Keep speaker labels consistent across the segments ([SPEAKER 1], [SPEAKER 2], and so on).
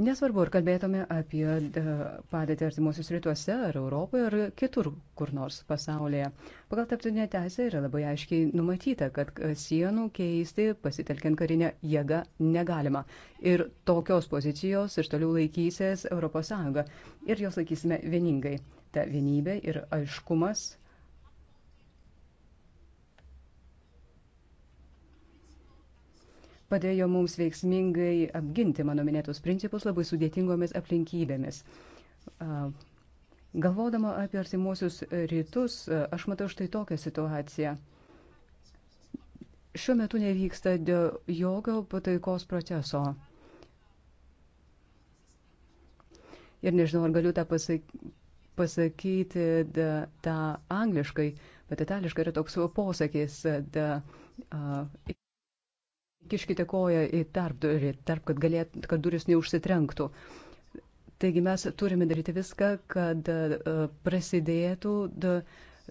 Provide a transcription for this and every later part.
[SPEAKER 1] Nesvarbu, ar kalbėtume apie e, padėtį artimuosius rytuose, ar Europoje, ar kitur kur nors pasaulyje. Pagal taptinę teisę yra labai aiškiai numatyta, kad e, sienų keisti pasitelkiant karinę jėgą negalima. Ir tokios pozicijos iš toliau laikysės ES. Ir jos laikysime vieningai. Ta vienybė ir aiškumas padėjo mums veiksmingai apginti mano minėtus principus labai sudėtingomis aplinkybėmis. Galvodama apie artimuosius rytus, aš matau štai tokią situaciją. Šiuo metu nevyksta jokio pataikos proceso. Ir nežinau, ar galiu tą pasakyti da, tą angliškai, bet itališkai yra toks posakis. Da, uh, kiškite koją į tarpdurį, tarp, kad, galėt, kad duris neužsitrenktų. Taigi mes turime daryti viską, kad e, prasidėtų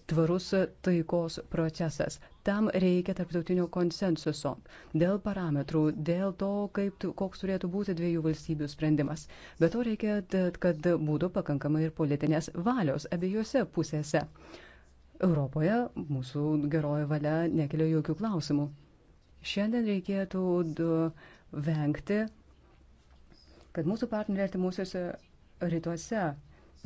[SPEAKER 1] tvarus taikos procesas. Tam reikia tarptautinio konsensuso dėl parametrų, dėl to, kaip, koks turėtų būti dviejų valstybių sprendimas. Bet to reikia, kad būtų pakankamai ir politinės valios abiejose pusėse. Europoje mūsų geroji valia nekelia jokių klausimų. Šiandien reikėtų vengti, kad mūsų partneriai artimuosiuose rytuose,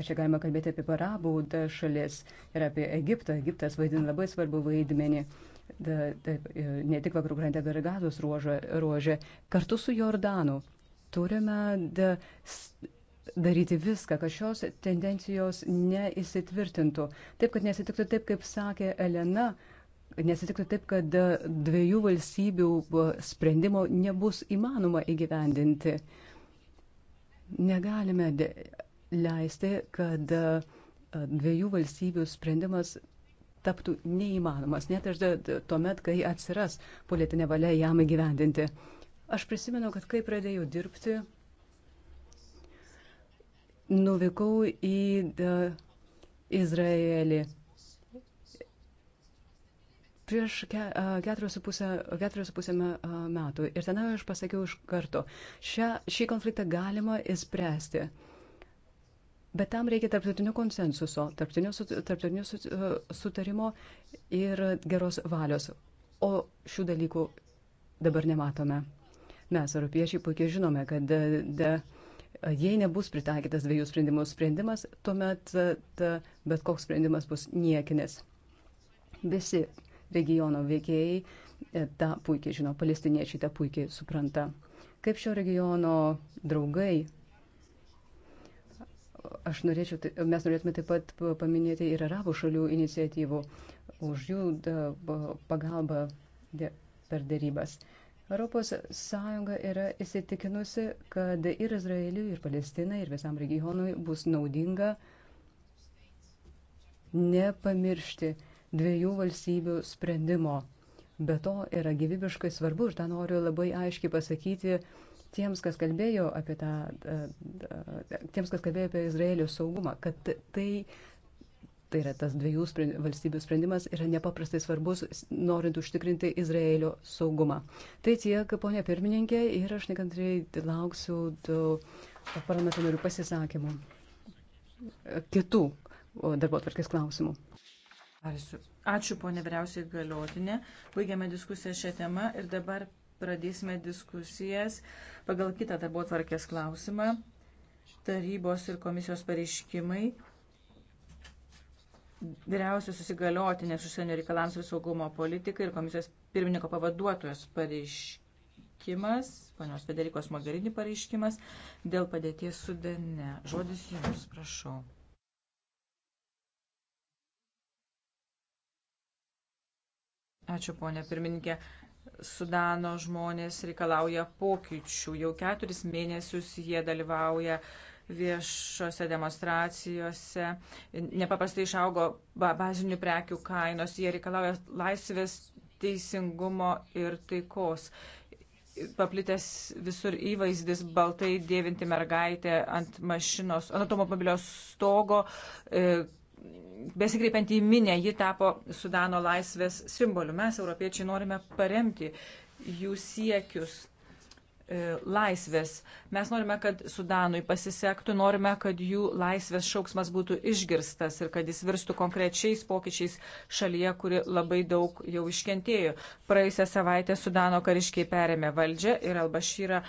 [SPEAKER 1] ir čia galima kalbėti apie parabų šalis ir apie Egiptą, Egiptas vaidina labai svarbu vaidmenį, da, da, ne tik vakarų krantę, bet ir gazos ruožę, kartu su Jordanu turime da, daryti viską, kad šios tendencijos neįsitvirtintų. Taip, kad nesitiktų taip, kaip sakė Elena nesitiktų taip, kad dviejų valstybių e, sprendimo nebus įmanoma įgyvendinti. Negalime leisti, kad e, dviejų valstybių sprendimas taptų neįmanomas, net ir tuomet, kai atsiras politinė valia jam įgyvendinti. Aš prisimenu, kad kai pradėjau dirbti, nuvykau į Izraelį prieš keturis su pusę metų. Ir ten aš pasakiau iš karto, šią, šį konfliktą galima įspręsti. Bet tam reikia tarptautinio konsensuso, tarptautinio, tarptautinio sutarimo ir geros valios. O šių dalykų dabar nematome. Mes, europiečiai, puikiai žinome, kad de, de, jei nebus pritaikytas dviejų sprendimų sprendimas, tuomet ta, bet koks sprendimas bus niekinis. Visi regiono veikėjai e, tą puikiai žino, palestiniečiai tą puikiai supranta. Kaip šio regiono draugai, aš norėčiau, tai, mes norėtume taip pat paminėti ir arabų šalių iniciatyvų už jų pagalbą per dėrybas. Europos Sąjunga yra įsitikinusi, kad ir Izraeliui, ir Palestinai, ir visam regionui bus naudinga nepamiršti dviejų valstybių sprendimo. Be to yra gyvybiškai svarbu, ir tą noriu labai aiškiai pasakyti tiems, kas kalbėjo apie, tą, e, e, tiems, kas kalbėjo apie Izraelio saugumą, kad tai tai yra tas dviejų sprendi, valstybių sprendimas, yra nepaprastai svarbus, norint užtikrinti Izraelio saugumą. Tai tiek, ponė pirmininkė, ir aš nekantriai lauksiu parlamento narių pasisakymų kitų darbo atvarkės klausimų. Ačiū,
[SPEAKER 2] Ačiū ponė vyriausiai galiotinė. Baigiame diskusiją šią temą ir dabar pradėsime diskusijas pagal kitą darbo tvarkės klausimą. Tarybos ir komisijos pareiškimai vyriausios susigaliotinės užsienio reikalams ir saugumo politikai ir komisijos pirmininko pavaduotojos pareiškimas, ponios Federikos Mogherini pareiškimas dėl padėties sudane. Žodis jums, prašau. Ačiū, ponė pirmininkė. Sudano žmonės reikalauja pokyčių. Jau keturis mėnesius jie dalyvauja viešose demonstracijose. Nepaprastai išaugo bazinių prekių kainos. Jie reikalauja laisvės, teisingumo ir taikos. Paplitęs visur įvaizdis baltai dėvinti mergaitė ant mašinos, ant automobilio stogo, e, besikreipiant į minę, ji tapo Sudano laisvės simboliu. Mes, europiečiai, norime paremti jų siekius E, laisvės. Mes norime, kad Sudanui pasisektų, norime, kad jų laisvės šauksmas būtų išgirstas ir kad jis virstų konkrečiais pokyčiais šalyje, kuri labai daug jau iškentėjo. Praėjusią savaitę Sudano kariškiai perėmė valdžią ir Albašyrą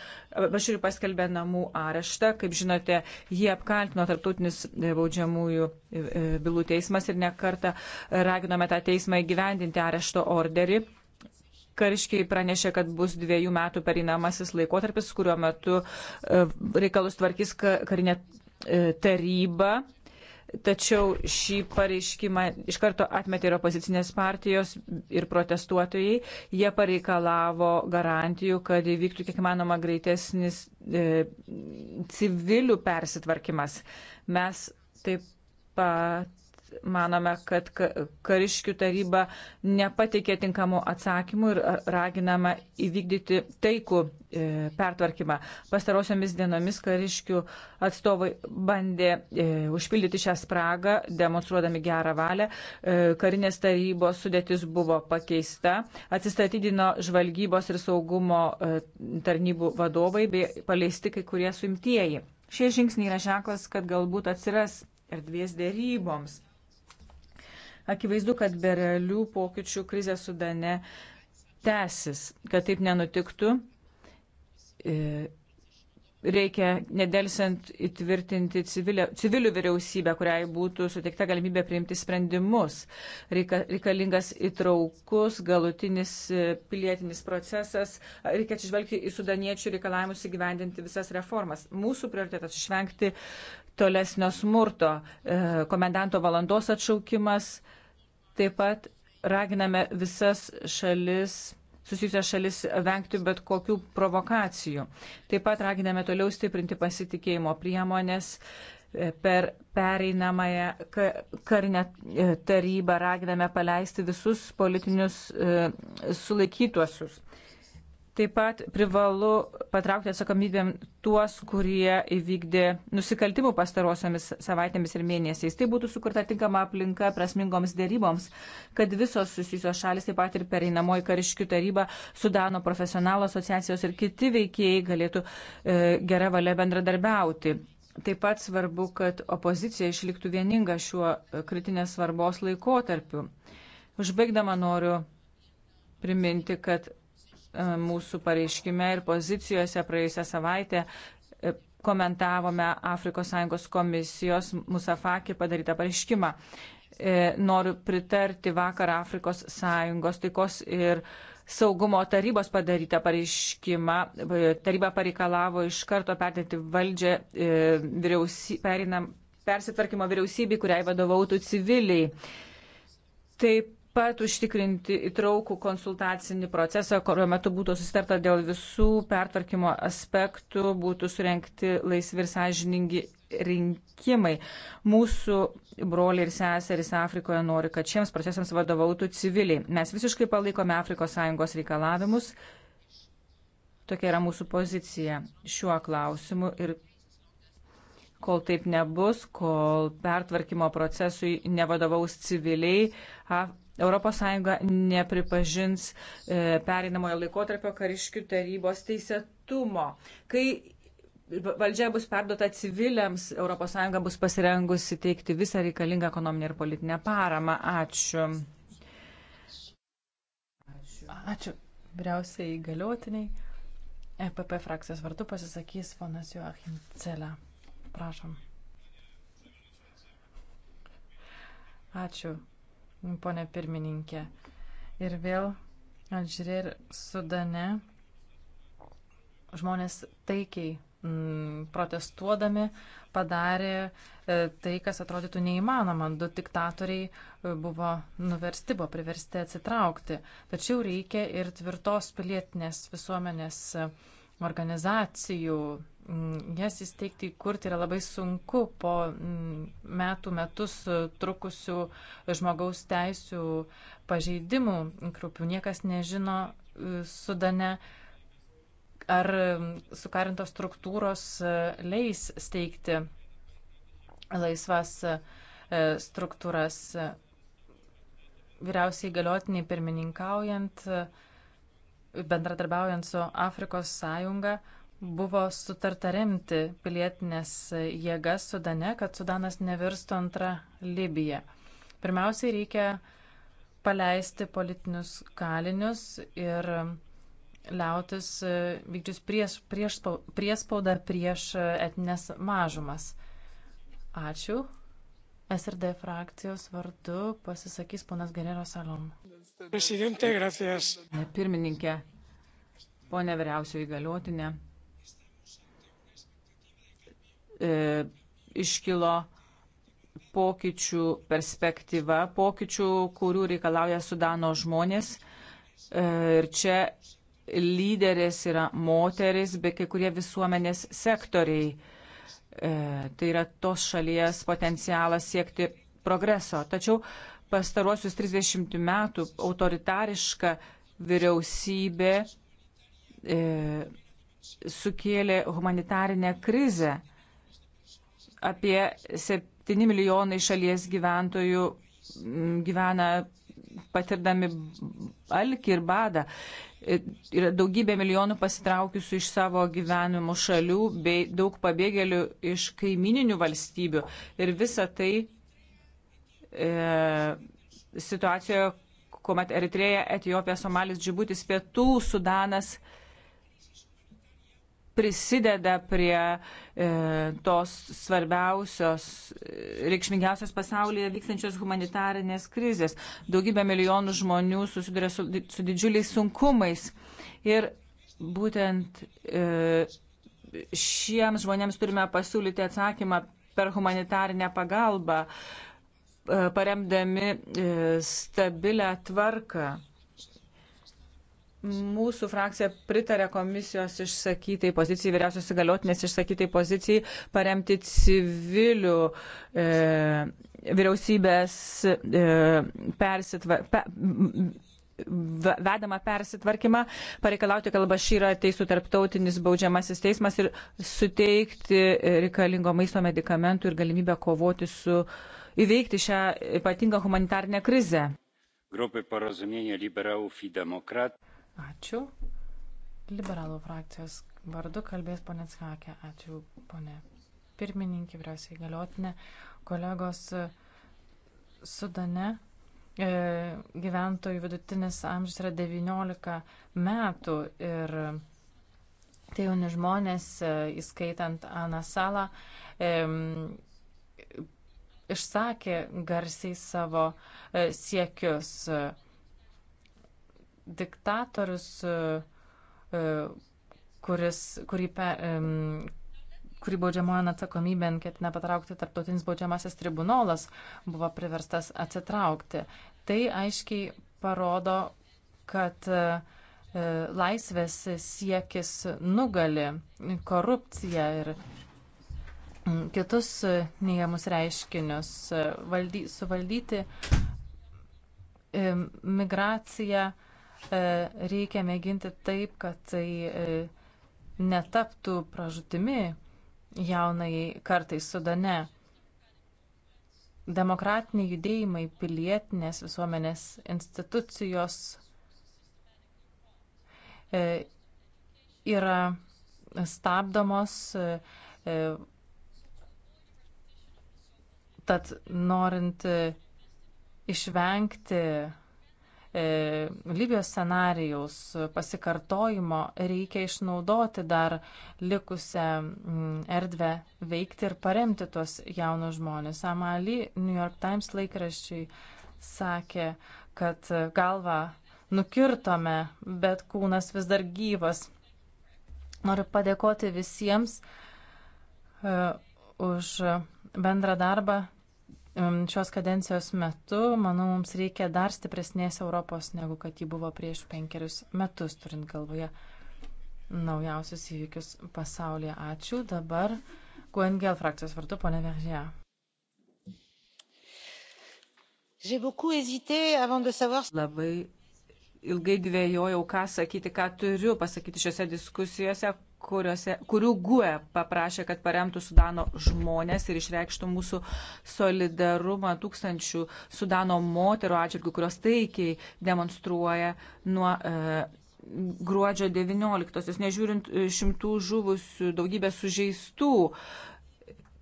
[SPEAKER 2] paskelbė namų areštą. Kaip žinote, jie apkaltino tarptautinis e, baudžiamųjų e, bylų teismas ir nekartą raginome tą teismą įgyvendinti arešto orderį Kariškiai pranešė, kad bus dviejų metų pereinamasis laikotarpis, kuriuo metu e, reikalus tvarkys karinė e, taryba. Tačiau šį pareiškimą iš karto atmetė ir opozicinės partijos ir protestuotojai. Jie pareikalavo garantijų, kad įvyktų kiek manoma greitesnis e, civilių persitvarkimas. Mes taip pat manome, kad kariškių taryba nepateikė tinkamų atsakymų ir raginama įvykdyti taikų e, pertvarkymą. Pastarosiomis dienomis kariškių atstovai bandė e, užpildyti šią spragą, demonstruodami gerą valią. E, karinės tarybos sudėtis buvo pakeista. Atsistatydino žvalgybos ir saugumo tarnybų vadovai bei paleisti kai kurie suimtieji. Šie žingsniai yra ženklas, kad galbūt atsiras erdvės dėryboms. Akivaizdu, kad be realių pokyčių krizė Sudane tęsis, kad taip nenutiktų. E, reikia nedelsiant įtvirtinti civilio, civilių vyriausybę, kuriai būtų suteikta galimybė priimti sprendimus. Reika, reikalingas įtraukus, galutinis e, pilietinis procesas. Reikia atsižvelgti į sudaniečių reikalavimus įgyvendinti visas reformas. Mūsų prioritetas išvengti tolesnio smurto, e, komendanto valandos atšaukimas Taip pat raginame visas šalis susijusias šalis vengti bet kokių provokacijų. Taip pat raginame toliau stiprinti pasitikėjimo priemonės e, per pereinamąją karinę e, tarybą, raginame paleisti visus politinius e, sulaikytuosius. Taip pat privalu patraukti atsakomybėm tuos, kurie įvykdė nusikaltimų pastarosiamis savaitėmis ir mėnesiais. Tai būtų sukurta tinkama aplinka prasmingoms dėryboms, kad visos susijusios šalis, taip pat ir pereinamoji kariškių taryba, Sudano profesionalų asociacijos ir kiti veikėjai galėtų e, gerą valią bendradarbiauti. Taip pat svarbu, kad opozicija išliktų vieninga šiuo e, kritinės svarbos laikotarpiu. Užbaigdama noriu priminti, kad E, mūsų pareiškime ir pozicijose praėjusią savaitę e, komentavome Afrikos Sąjungos komisijos Musafaki padarytą pareiškimą. E, noriu pritarti vakar Afrikos Sąjungos taikos ir saugumo tarybos padarytą pareiškimą. Taryba pareikalavo iš karto perdėti valdžią vyriausy, perinam, persitvarkymo vyriausybei, kuriai vadovautų civiliai. Taip pat užtikrinti įtraukų konsultacinį procesą, kurio metu būtų susitarta dėl visų pertvarkymo aspektų, būtų surenkti laisvi ir sąžiningi rinkimai. Mūsų broliai ir seserys Afrikoje nori, kad šiems procesams vadovautų civiliai. Mes visiškai palaikome Afrikos Sąjungos reikalavimus. Tokia yra mūsų pozicija šiuo klausimu ir kol taip nebus, kol pertvarkymo procesui nevadovaus civiliai, Af ES nepripažins e, pereinamojo laikotarpio kariškių tarybos teisėtumo. Kai valdžia bus perduota civiliams, ES bus pasirengusi teikti visą reikalingą ekonominę ir politinę paramą. Ačiū. Ačiū.
[SPEAKER 3] Ačiū. Vyriausiai įgaliotiniai. EPP frakcijos vardu pasisakys ponas Joachim Celė. Prašom. Ačiū, ponė pirmininkė. Ir vėl Alžyrė ir Sudane žmonės taikiai mm, protestuodami padarė e, tai, kas atrodytų neįmanoma. Du diktatoriai e, buvo nuversti, buvo priversti atsitraukti. Tačiau reikia ir tvirtos pilietinės visuomenės organizacijų, Mm, jas įsteigti, kurti yra labai sunku po mm, metų metus e, trukusių žmogaus teisų pažeidimų grupių. Niekas nežino e, Sudane, ar mm, sukarintos struktūros e, leis steigti laisvas struktūras. Vyriausiai galiotiniai pirmininkaujant, bendradarbiaujant su Afrikos sąjunga, buvo sutarta remti pilietinės jėgas Sudane, kad Sudanas nevirstų antrą Libiją. Pirmiausiai reikia paleisti politinius kalinius ir liautis e, vykdžius prieš, prieš, priespaudą prieš e, etinės mažumas. Ačiū. SRD frakcijos vardu pasisakys ponas Gerero Salom. Pirmininkė, ponė vyriausioji galiotinė,
[SPEAKER 2] e, iškilo pokyčių perspektyva, pokyčių, kurių reikalauja Sudano žmonės. E, ir čia lyderės yra moteris, bei kai kurie visuomenės sektoriai. E, tai yra tos šalies potencialas siekti progreso. Tačiau pastaruosius 30 metų autoritariška vyriausybė e, sukėlė humanitarinę krizę apie 7 milijonai šalies gyventojų mm, gyvena patirdami alkį ir badą. E, yra daugybė milijonų pasitraukiusių iš savo gyvenimų šalių bei daug pabėgėlių iš kaimininių valstybių. Ir visa tai e, situacijoje, kuomet Eritreja, Etijopija, Somalis, Džibutis, Pietų, Sudanas, e, prisideda prie e, tos svarbiausios, e, reikšmingiausios pasaulyje vykstančios humanitarinės krizės. Daugybė milijonų žmonių susiduria su, su didžiuliais sunkumais. Ir būtent e, šiems žmonėms turime pasiūlyti atsakymą per humanitarinę pagalbą, e, paremdami e, stabilę tvarką. Mūsų frakcija pritarė komisijos išsakytai pozicijai, vyriausios įgaliotinės išsakytai pozicijai paremti civilių e, vyriausybės e, persitva, pe, vedamą persitvarkymą, pareikalauti, kad Bašyra ateisų tarptautinis baudžiamasis teismas ir suteikti reikalingo maisto medikamentų ir galimybę kovoti su įveikti šią ypatingą humanitarnę krizę.
[SPEAKER 3] Grupė parazumėnė liberalų ir demokratų. Ačiū. Liberalų frakcijos vardu kalbės ponė Skakė. Ačiū, ponė pirmininkė, vyriausiai galiotinė. Kolegos e, Sudane e, gyventojų vidutinis amžius yra 19 metų ir tai jauni žmonės, e, įskaitant Aną Salą, e, išsakė garsiai savo e, siekius. E, diktatorius, e, e, kuris, kurį, pe, kurį baudžiamojo atsakomybėn ketina patraukti tarptautinis baudžiamasis tribunolas, buvo priverstas atsitraukti. Tai aiškiai parodo, kad e, laisvės siekis nugali korupciją ir kitus neįjamus reiškinius, valdy, suvaldyti migraciją, E, reikia mėginti taip, kad tai e, netaptų pražutimi jaunai kartai Sudane. Demokratiniai judėjimai, pilietinės visuomenės institucijos e, yra stabdomos, tad norint išvengti E, Libijos scenarijaus pasikartojimo reikia išnaudoti dar likusią mm, erdvę veikti ir paremti tuos jaunus žmonės. Amali New York Times laikraščiai sakė, kad galvą nukirtome, bet kūnas vis dar gyvas. Noriu padėkoti visiems uh, už bendrą darbą šios kadencijos metu, manau, mums reikia dar stipresnės Europos, negu kad ji buvo prieš penkerius metus, turint galvoje naujausius įvykius pasaulyje. Ačiū. Dabar Guengel frakcijos vardu, ponė Veržė.
[SPEAKER 2] Labai ilgai dvėjojau, ką sakyti, ką turiu pasakyti šiuose diskusijose, kuriuose, kurių GUE paprašė, kad paremtų Sudano žmonės ir išreikštų mūsų solidarumą tūkstančių Sudano moterų atžvilgių, kurios taikiai demonstruoja nuo e, gruodžio 19-osios, nežiūrint e, šimtų žuvusių, daugybę sužeistų.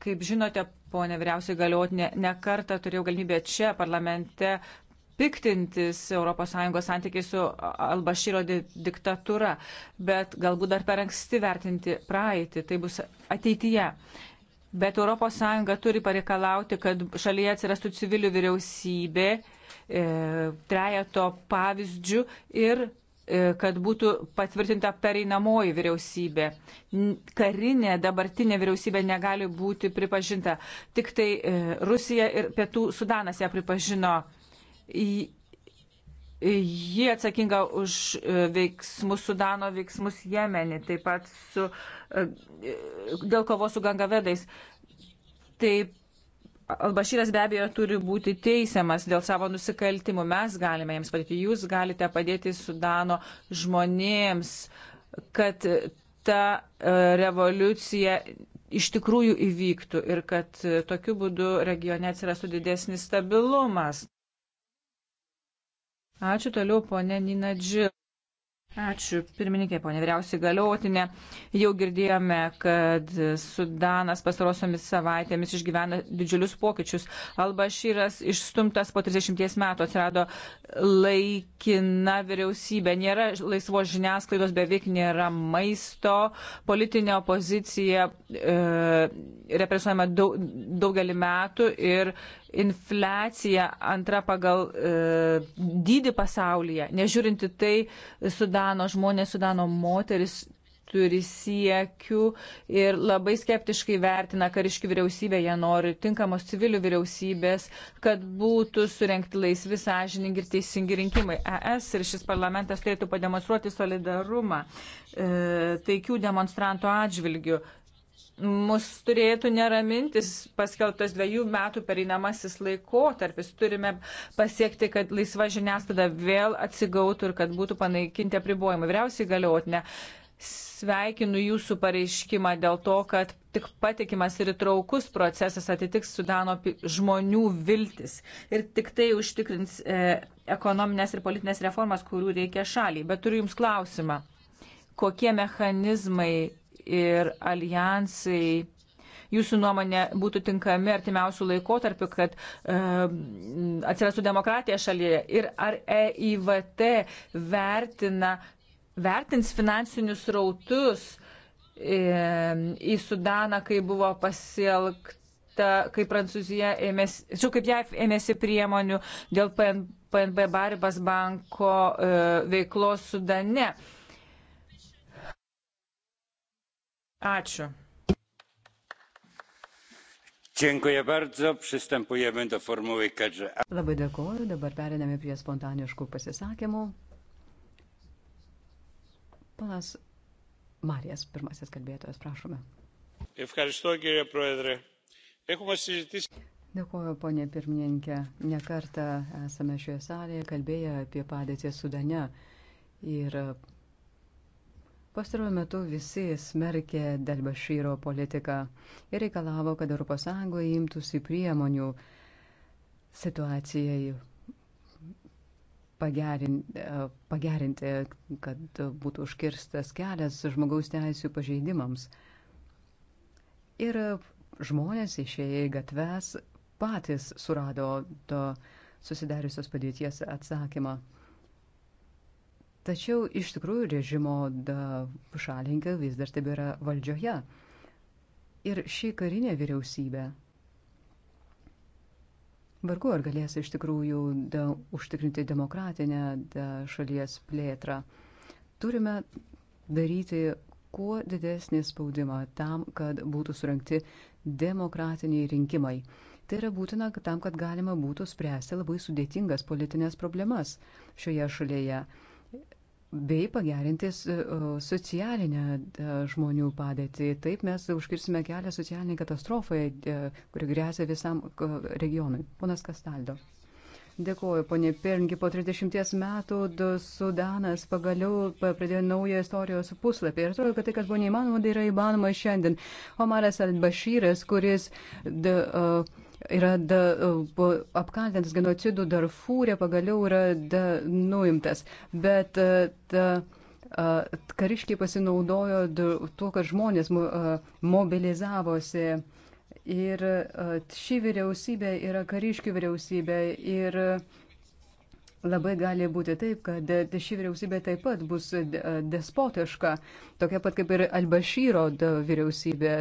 [SPEAKER 2] Kaip žinote, ponė vyriausiai galiotinė, ne, ne kartą turėjau galimybę čia parlamente piktintis ES santykiai su Albašyro diktatūra, bet galbūt dar per anksti vertinti praeitį, tai bus ateityje. Bet ES turi pareikalauti, kad šalyje atsirastų civilių vyriausybė, e, trejato pavyzdžių ir e, kad būtų patvirtinta pereinamoji vyriausybė. Karinė dabartinė vyriausybė negali būti pripažinta. Tik tai e, Rusija ir Pietų Sudanas ją pripažino Ji atsakinga už e, veiksmus Sudano veiksmus Jemenį, taip pat su, e, dėl kovos su gangavedais. Taip, Albašyras be abejo turi būti teisiamas dėl savo nusikaltimų. Mes galime jiems padėti, jūs galite padėti Sudano žmonėms, kad ta e, revoliucija iš tikrųjų įvyktų ir kad tokiu būdu regione atsirastų didesnis stabilumas. Ačiū toliau, ponė Nina Džil. Ačiū, pirmininkė, ponė vyriausiai galiotinė. Jau girdėjome, kad Sudanas pastarosiomis savaitėmis išgyvena didžiulius pokyčius. Albašyras išstumtas po 30 metų atsirado laikina vyriausybė. Nėra laisvos žiniasklaidos, beveik nėra maisto, politinė opozicija e, represuojama daug, daugelį metų ir infliacija antra pagal e, dydį pasaulyje. Nežiūrinti tai, Sudano žmonės, Sudano moteris turi siekių ir labai skeptiškai vertina kariškių vyriausybę, jie nori tinkamos civilių vyriausybės, kad būtų surenkti laisvi, sąžiningi ir teisingi rinkimai. ES ir šis parlamentas turėtų pademonstruoti solidarumą e, taikių demonstrantų atžvilgių mus turėtų neramintis paskelbtas dviejų metų pereinamasis laikotarpis. Turime pasiekti, kad laisva žiniasklaida vėl atsigautų ir kad būtų panaikinti apribojimai. Vyriausiai galiotinė. Sveikinu jūsų pareiškimą dėl to, kad tik patikimas ir įtraukus procesas atitiks Sudano žmonių viltis ir tik tai užtikrins e, ekonominės ir politinės reformas, kurių reikia šaliai. Bet turiu Jums klausimą. Kokie mechanizmai ir alijansai jūsų nuomonė būtų tinkami artimiausių laikotarpių, kad e, atsirastų demokratija šalyje ir ar EIVT vertina, vertins finansinius rautus e, į Sudaną, kai buvo pasielgta. Kai Prancūzija ėmėsi, tačiau kaip JAF ėmėsi priemonių dėl PNB Baribas banko e, veiklos Sudane. E, Ačiū.
[SPEAKER 1] Labai dėkoju, dabar periname prie spontaniškų pasisakymų. Panas Marijas, pirmasis kalbėtojas, prašome. Dėkuoju, ponė pirmininkė. Nekartą esame šioje salėje kalbėję apie padėtį Sudane ir Pastaruoju metu visi smerkė Delbašyro politiką ir reikalavo, kad ES imtųsi priemonių situacijai pagerinti, pagerinti, kad būtų užkirstas kelias žmogaus teisų pažeidimams. Ir žmonės išėję į gatves patys surado to susidariusios padėties atsakymą. Tačiau iš tikrųjų režimo šalinkai vis dar tebėra valdžioje. Ir ši karinė vyriausybė vargu ar galės iš tikrųjų da, užtikrinti demokratinę da, šalies plėtrą. Turime daryti kuo didesnį spaudimą tam, kad būtų surinkti demokratiniai rinkimai. Tai yra būtina tam, kad galima būtų spręsti labai sudėtingas politinės problemas šioje šalyje bei pagerinti e, socialinę e, žmonių padėtį. Taip mes užkirsime kelią socialiniai katastrofai, e, kuri grėsia visam regionui. Ponas Kastaldo. Dėkuoju, ponė Pirngi, po 30 metų Sudanas pagaliau pradėjo naują istorijos puslapį. Ir atrodo, kad tai, kas buvo neįmanoma, tai yra įmanoma šiandien. Omaras Al-Bashiras, kuris... De, uh, yra da, apkaltintas genocidų darfūrė, pagaliau yra da, nuimtas. Bet da, kariškiai pasinaudojo tuo, kad žmonės mobilizavosi. Ir ši vyriausybė yra kariškių vyriausybė. Ir, Labai gali būti taip, kad ši vyriausybė taip pat bus despotiška, tokia pat kaip ir Albašyro vyriausybė.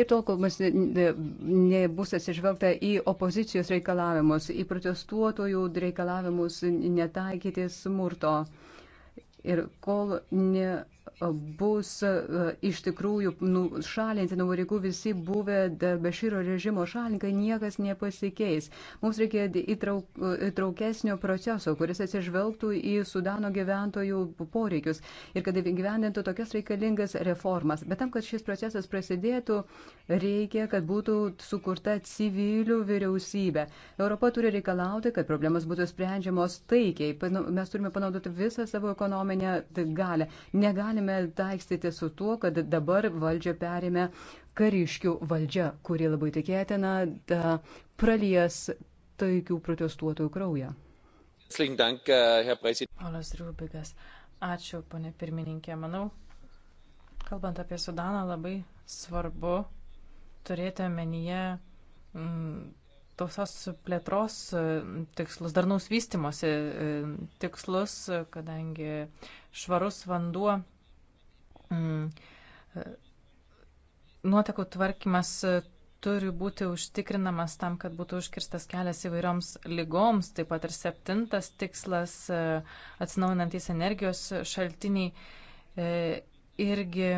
[SPEAKER 1] Ir tol, kol mes nebus atsižvelgta į opozicijos reikalavimus, į protestuotojų reikalavimus netaikyti smurto. Ir kol ne bus e, iš tikrųjų nušalinti nuo pareigų visi buvę Beširo režimo šalininkai, niekas nepasikeis. Mums reikia įtrauk, įtraukesnio proceso, kuris atsižvelgtų į Sudano gyventojų poreikius ir kad gyvendintų tokias reikalingas reformas. Bet tam, kad šis procesas prasidėtų, reikia, kad būtų sukurta civilių vyriausybė. Europa turi reikalauti, kad problemas būtų sprendžiamos taikiai. Mes turime panaudoti visą savo ekonominę galę. Negalime negalime taikstyti su tuo, kad dabar valdžią perėmė kariškių valdžia, kuri labai tikėtina pralies taikių protestuotojų kraują.
[SPEAKER 3] Äh,
[SPEAKER 1] Olas Rubikas. Ačiū,
[SPEAKER 3] ponė pirmininkė. Manau, kalbant apie Sudaną, labai svarbu turėti omenyje mm, tausos plėtros tikslus, darnaus vystimosi e, tikslus, kadangi švarus vanduo Mm. Nuotekų tvarkymas e, turi būti užtikrinamas tam, kad būtų užkirstas kelias įvairioms lygoms. Taip pat ir septintas tikslas e, - atsinaujinantys energijos šaltiniai e, irgi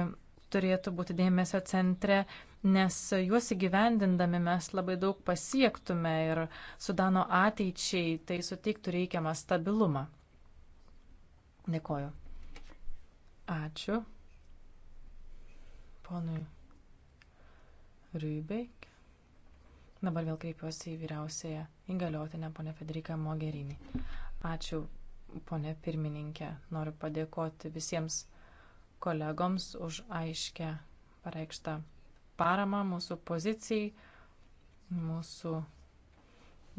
[SPEAKER 3] turėtų būti dėmesio centre, nes juos įgyvendindami mes labai daug pasiektume ir Sudano ateičiai tai suteiktų reikiamą stabilumą. Dėkoju. Ačiū ponui Rybek. Dabar vėl kreipiuosi į vyriausiąją įgaliotinę ponę Federiką Mogerinį. Ačiū, ponė pirmininkė. Noriu padėkoti visiems kolegoms už aiškę pareikštą paramą mūsų pozicijai, mūsų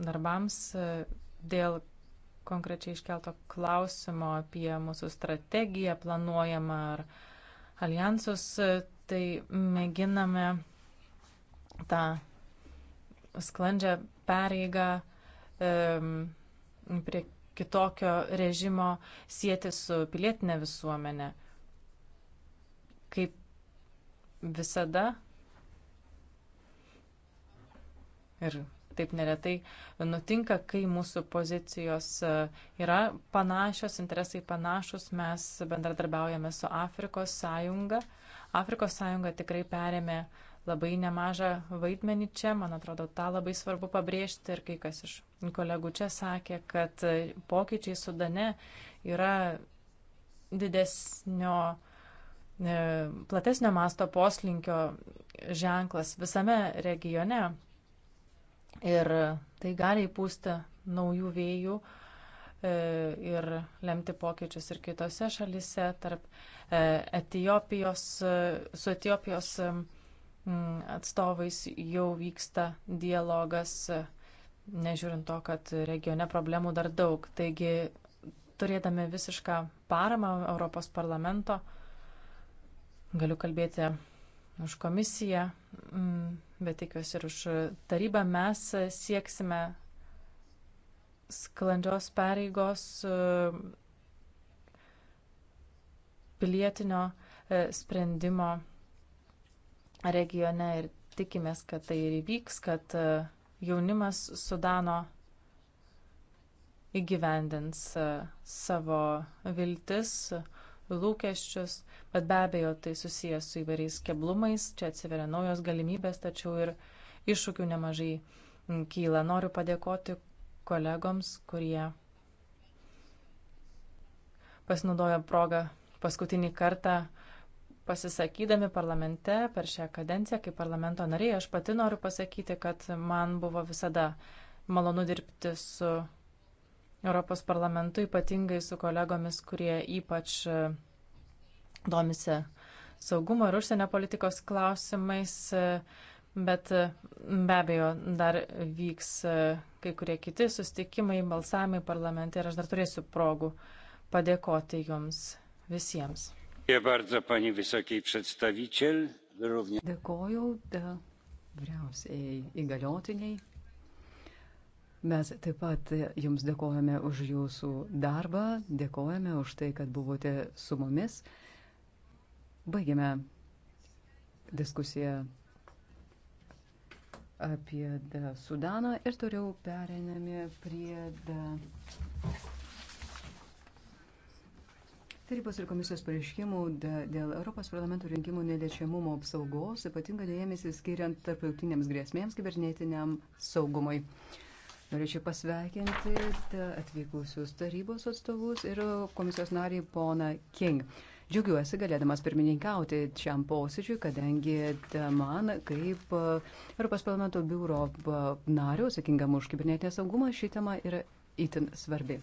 [SPEAKER 3] darbams dėl konkrečiai iškelto klausimo apie mūsų strategiją planuojamą ar alijansus tai mėginame tą sklandžią pareigą prie kitokio režimo sieti su pilietinė visuomenė. Kaip visada ir taip neretai nutinka, kai mūsų pozicijos e, yra panašios, interesai panašus, mes bendradarbiaujame su Afrikos sąjunga Afrikos sąjunga tikrai perėmė labai nemažą vaidmenį čia, man atrodo, tą labai svarbu pabrėžti ir kai kas iš kolegų čia sakė, kad pokyčiai Sudane yra didesnio, e, platesnio masto poslinkio ženklas visame regione ir tai gali įpūsti naujų vėjų E, ir lemti pokyčius ir kitose šalise, tarp e, Etijopijos, e, su Etijopijos atstovais jau vyksta dialogas, nežiūrint to, kad regione problemų dar daug. Taigi, turėdami visišką paramą Europos parlamento, galiu kalbėti už komisiją, bet tikiuosi ir už tarybą, mes sieksime sklandžios pareigos e, pilietinio e, sprendimo regione ir tikimės, kad tai ir įvyks, kad e, jaunimas Sudano įgyvendins savo viltis, lūkesčius, bet be abejo tai susijęs su įvairiais keblumais, čia atsiveria naujos galimybės, tačiau ir iššūkių nemažai mm, kyla. Noriu padėkoti kolegoms, kurie pasinaudojo progą paskutinį kartą pasisakydami parlamente per šią kadenciją kaip parlamento nariai. Aš pati noriu pasakyti, kad man buvo visada malonu dirbti su Europos parlamentu, ypatingai su kolegomis, kurie ypač e, domisi saugumo ir užsienio politikos klausimais. E, bet e, be abejo, dar vyks kai kurie kiti sustikimai, balsavimai parlamente ir aš dar turėsiu progų padėkoti jums
[SPEAKER 1] visiems. Dėkoju vyriausiai įgaliotiniai. Mes taip pat jums dėkojame už jūsų darbą, dėkojame už tai, kad buvote su mumis. Baigiame diskusiją apie Sudaną ir toliau pereiname prie Tarybos ir komisijos pareiškimų dėl Europos parlamento rinkimų neliečiamumo apsaugos, ypatinga dėmesį skiriant tarptautinėms grėsmėms kibernetiniam saugumui. Norėčiau pasveikinti atvykusius tarybos atstovus ir komisijos narį poną King. Džiaugiuosi galėdamas pirmininkauti šiam posėdžiui, kadangi man kaip e, Europos parlamento biuro e, nario, sakingam už kibernetinę saugumą, ši tema yra itin svarbi.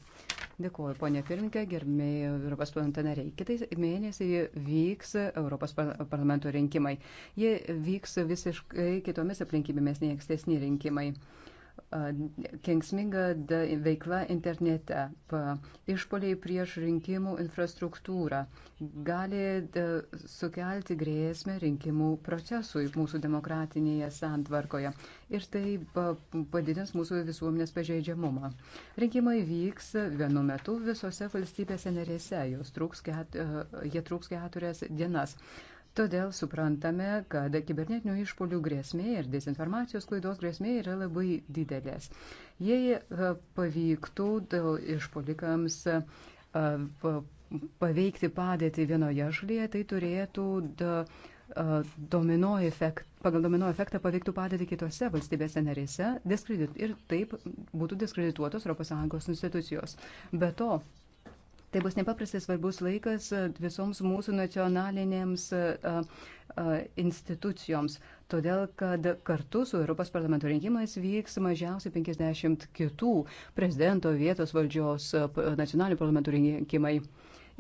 [SPEAKER 1] Dėkuoju, ponė pirmininkė, gerbėjai Europos parlamento nariai. Kitais mėnesį vyks Europos parlamento rinkimai. Jie vyks visiškai kitomis aplinkybėmis nei ankstesni rinkimai kenksminga veikla internete, išpoliai prieš rinkimų infrastruktūrą gali sukelti grėsmę rinkimų procesui mūsų demokratinėje santvarkoje ir tai padidins mūsų visuomenės pažeidžiamumą. Rinkimai vyks vienu metu visose valstybėse narėse, truks ket, jie truks keturias dienas. Todėl suprantame, kad kibernetinių išpolių grėsmė ir dezinformacijos klaidos grėsmė yra labai didelės. Jei e, pavyktų e, išpolikams e, paveikti padėtį vienoje šalyje, tai turėtų da, domino efekt, pagal domino efektą paveiktų padėtį kitose valstybėse narėse diskredit, ir taip būtų diskredituotos ES institucijos. Be to, Tai bus nepaprastai svarbus laikas e, visoms mūsų nacionalinėms e, e, institucijoms, todėl kad kartu su Europos parlamento rinkimais vyks mažiausiai 50 kitų prezidento vietos valdžios nacionalinių parlamentų rinkimai.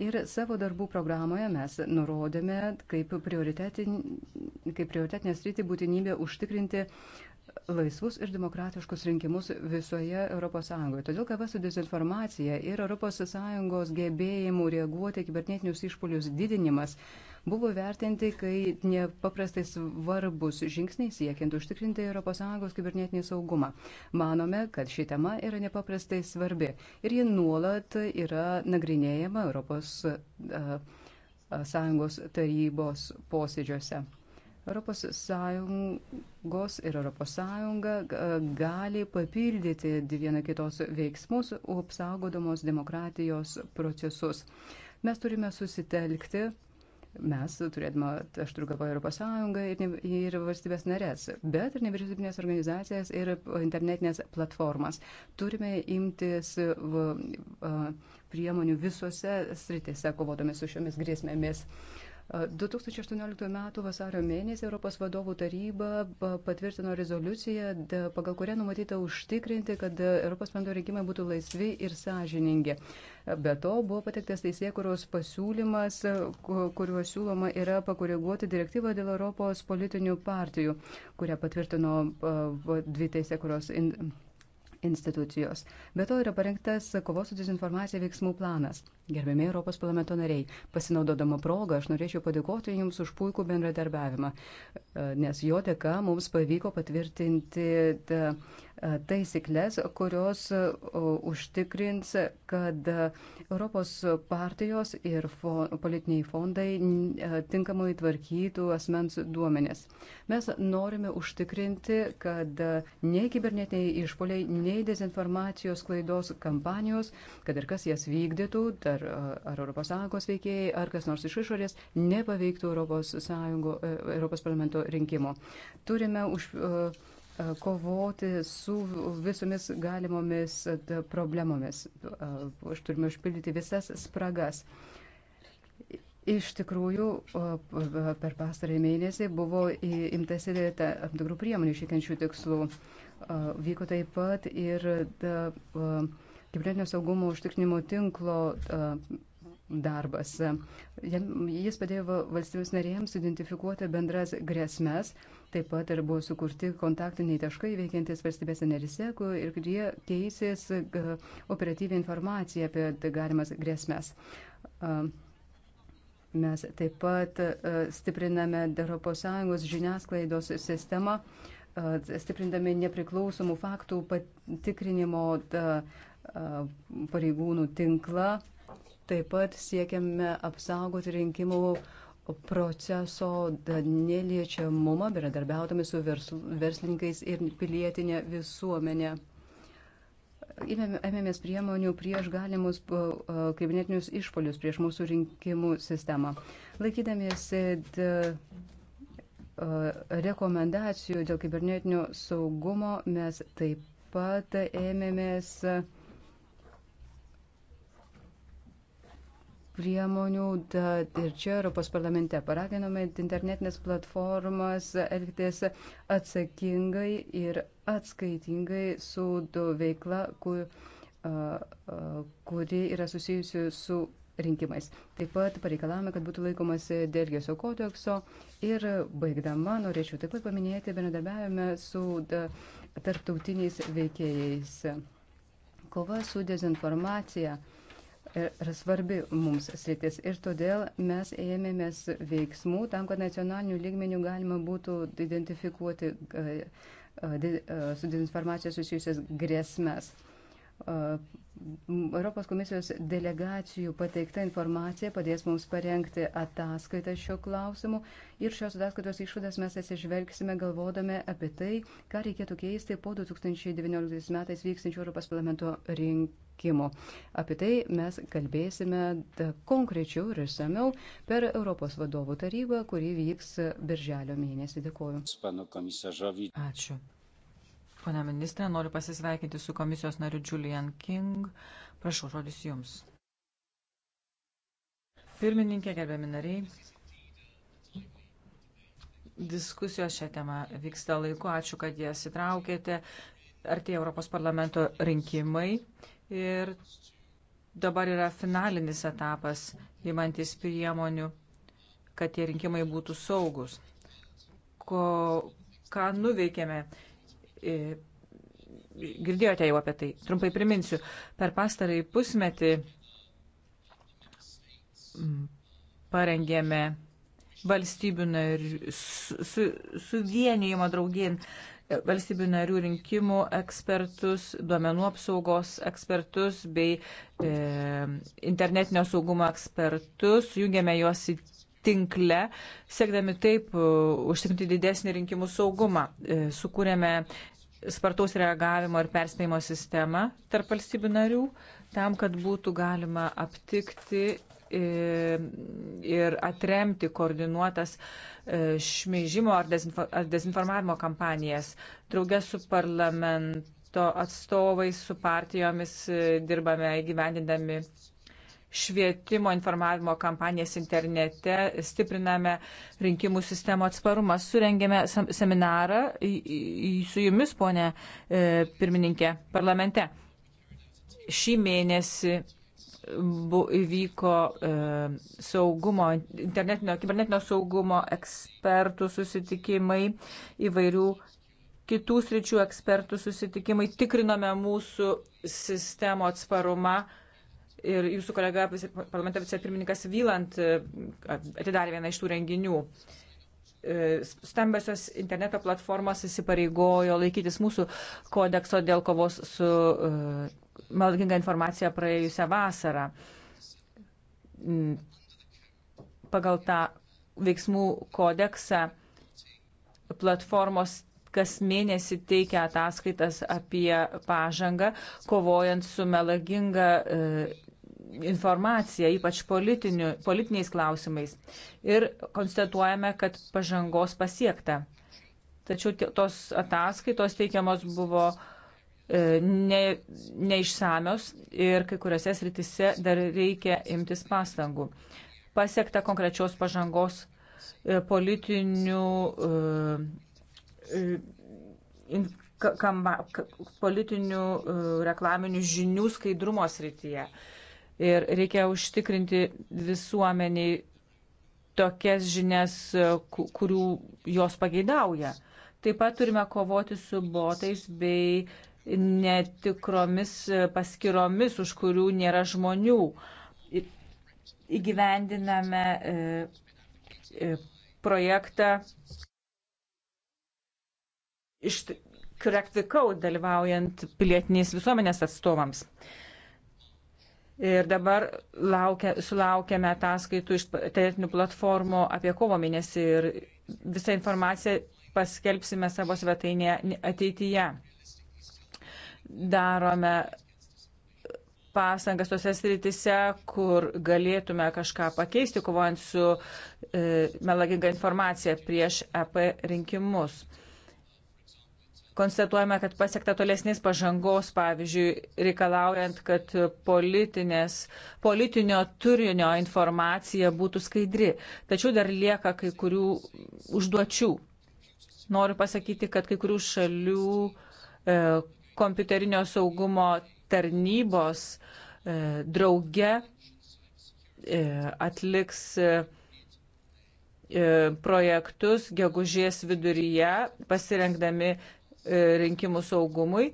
[SPEAKER 1] Ir savo darbų programoje mes nurodėme kaip, prioritetin, kaip prioritetinę sritį būtinybę užtikrinti laisvus ir demokratiškus rinkimus visoje ES. Todėl kava su dezinformacija ir ES gebėjimų reaguoti kibernetinius išpolius didinimas buvo vertinti, kai nepaprastai svarbus žingsniai siekiant užtikrinti ES kibernetinį saugumą. Manome, kad ši tema yra nepaprastai svarbi ir ji nuolat yra nagrinėjama ES tarybos posėdžiuose. Europos Sąjungos ir Europos Sąjunga gali papildyti vieną kitos veiksmus, apsaugodamos demokratijos procesus. Mes turime susitelkti, mes turėdama, aš turiu galvoje Europos Sąjungą ir, ir valstybės narės, bet ir nevyriausybinės organizacijas ir internetinės platformas. Turime imtis v, priemonių visose sritise kovodomis su šiomis grėsmėmis. Uh, 2018 m. vasario mėnesį Europos vadovų taryba patvirtino rezoliuciją, pagal kurią numatyta užtikrinti, kad Europos parlamento rinkimai būtų laisvi ir sąžiningi. Be to buvo patektas teisėkuros pasiūlymas, kuriuo siūloma yra pakoreguoti direktyvą dėl Europos politinių partijų, kurią patvirtino dvi teisėkuros institucijos. Be to yra parengtas kovos su dezinformacija veiksmų planas. Gerbėmiai Europos parlamento nariai, pasinaudodama progą, aš norėčiau padėkoti Jums už puikų bendradarbiavimą, e, nes jo dėka mums pavyko patvirtinti e, e, taisyklės, kurios užtikrins, kad Europos partijos ir politiniai fondai tinkamai tvarkytų asmens duomenės. Mes norime užtikrinti, kad nei kibernetiniai išpoliai, nei dezinformacijos klaidos kampanijos, kad ir kas jas vykdytų, dar ar, ar ES veikėjai, ar kas nors iš išorės nepaveiktų ES, ES parlamento rinkimų. Turime už. Uh, kovoti su visomis galimomis e, problemomis. Aš turime užpildyti visas spragas. Iš tikrųjų, per pastarąjį mėnesį buvo imtasi tam tikrų priemonių išėkiančių tikslų. Vyko taip pat ir da, kibernetinio saugumo užtikrinimo tinklo darbas. Jis padėjo valstybės narėjams identifikuoti bendras grėsmes, taip pat ir buvo sukurti kontaktiniai taškai veikiantis valstybės narise, ir jie keisės operatyvę informaciją apie galimas grėsmes. Mes taip pat stipriname ES žiniasklaidos sistemą, stiprindami nepriklausomų faktų patikrinimo pareigūnų tinklą. Taip pat siekiame apsaugoti rinkimų proceso neliečiamumą, bendradarbiaudami su verslininkais ir pilietinė visuomenė. Ėmėmės priemonių prieš galimus kibernetinius išpolius prieš mūsų rinkimų sistemą. Laikydamiesi rekomendacijų dėl kibernetinio saugumo mes taip pat ėmėmės uh, priemonių da, ir čia Europos parlamente. Paraginome internetinės platformas elgtis atsakingai ir atskaitingai su veikla, kur, a, a, kuri yra susijusi su rinkimais. Taip pat pareikalavome, kad būtų laikomasi Dergėsio kodekso ir baigdama norėčiau taip pat paminėti bendradarbiavime su tarptautiniais veikėjais. Kova su dezinformacija yra svarbi mums sritis. Ir todėl mes ėmėmės veiksmų tam, kad nacionalinių lygmenių galima būtų identifikuoti e, e, e, su dezinformacija susijusias grėsmes. Europos komisijos delegacijų pateikta informacija padės mums parengti ataskaitą šio klausimu ir šios ataskaitos išvadas mes atsižvelgsime galvodami apie tai, ką reikėtų keisti po 2019 metais vykstančių Europos parlamento rinkimų. Apie tai mes kalbėsime konkrečiau ir išsameu per Europos vadovų tarybą, kuri vyks birželio mėnesį. Dėkuoju.
[SPEAKER 3] Ačiū.
[SPEAKER 1] Pone ministrė, noriu pasisveikinti su komisijos nariu Julian
[SPEAKER 2] King. Prašau, žodis jums. Pirmininkė, gerbiami nariai. Diskusijos šią temą vyksta laiku. Ačiū, kad jas įtraukėte. Artėja Europos parlamento rinkimai ir dabar yra finalinis etapas įmantis priemonių kad tie rinkimai būtų saugus. Ko, ką nuveikėme E, girdėjote jau apie tai. Trumpai priminsiu, per pastarąjį pusmetį parengėme valstybių narių, su, suvienijimo su draugien e, valstybių narių rinkimų ekspertus, duomenų apsaugos ekspertus bei e, internetinio saugumo ekspertus, jungiame juos į tinkle, siekdami taip e, užtikrinti didesnį rinkimų saugumą. E, sukūrėme spartaus reagavimo ir perspėjimo sistemą tarp valstybių narių, tam, kad būtų galima aptikti e, ir atremti koordinuotas šmeižimo ar dezinformavimo kampanijas. Draugė su parlamento atstovais, su partijomis dirbame įgyvendindami švietimo informavimo kampanijas internete, stipriname rinkimų sistemo atsparumą. Surengėme seminarą su jumis, ponė e, pirmininkė, parlamente. Šį mėnesį įvyko e, saugumo, internetinio, kibernetinio saugumo ekspertų susitikimai įvairių kitų sričių ekspertų susitikimai, tikrinome mūsų sistemo atsparumą ir jūsų kolega parlamento vicepirmininkas Vyland e, atidarė vieną iš tų renginių. E, stambiosios interneto platformos įsipareigojo laikytis mūsų kodekso dėl kovos su uh, e, melginga informacija praėjusią vasarą. Mm, pagal tą veiksmų kodeksą platformos kas mėnesį teikia ataskaitas apie pažangą, kovojant su melaginga informaciją, ypač politiniais klausimais. Ir konstatuojame, kad pažangos pasiekta. Tačiau tos ataskaitos teikiamos buvo e, ne, neišsamios ir kai kuriuose sritise dar reikia imtis pastangų. Pasiekta konkrečios pažangos e, politinių, e, kamba, politinių reklaminių žinių skaidrumo srityje ir reikia užtikrinti visuomeniai tokias žinias, kurių jos pageidauja. Taip pat turime kovoti su botais bei netikromis paskiromis, už kurių nėra žmonių. Įgyvendiname e, e, projektą iš Correct the Code dalyvaujant pilietinės visuomenės atstovams. Ir dabar laukia, sulaukėme ataskaitų iš internetinių platformų apie kovo mėnesį ir visą informaciją paskelbsime savo svetainėje ateityje. Darome pasangas tose sritise, kur galėtume kažką pakeisti, kovojant su e, melaginga informacija prieš EP rinkimus konstatuojame, kad pasiekta tolesnės pažangos, pavyzdžiui, reikalaujant, kad politinio turinio informacija būtų skaidri. Tačiau dar lieka kai kurių užduočių. Noriu pasakyti, kad kai kurių šalių e, kompiuterinio saugumo tarnybos e, drauge e, atliks. E, e projektus gegužės viduryje, pasirengdami E, rinkimų saugumui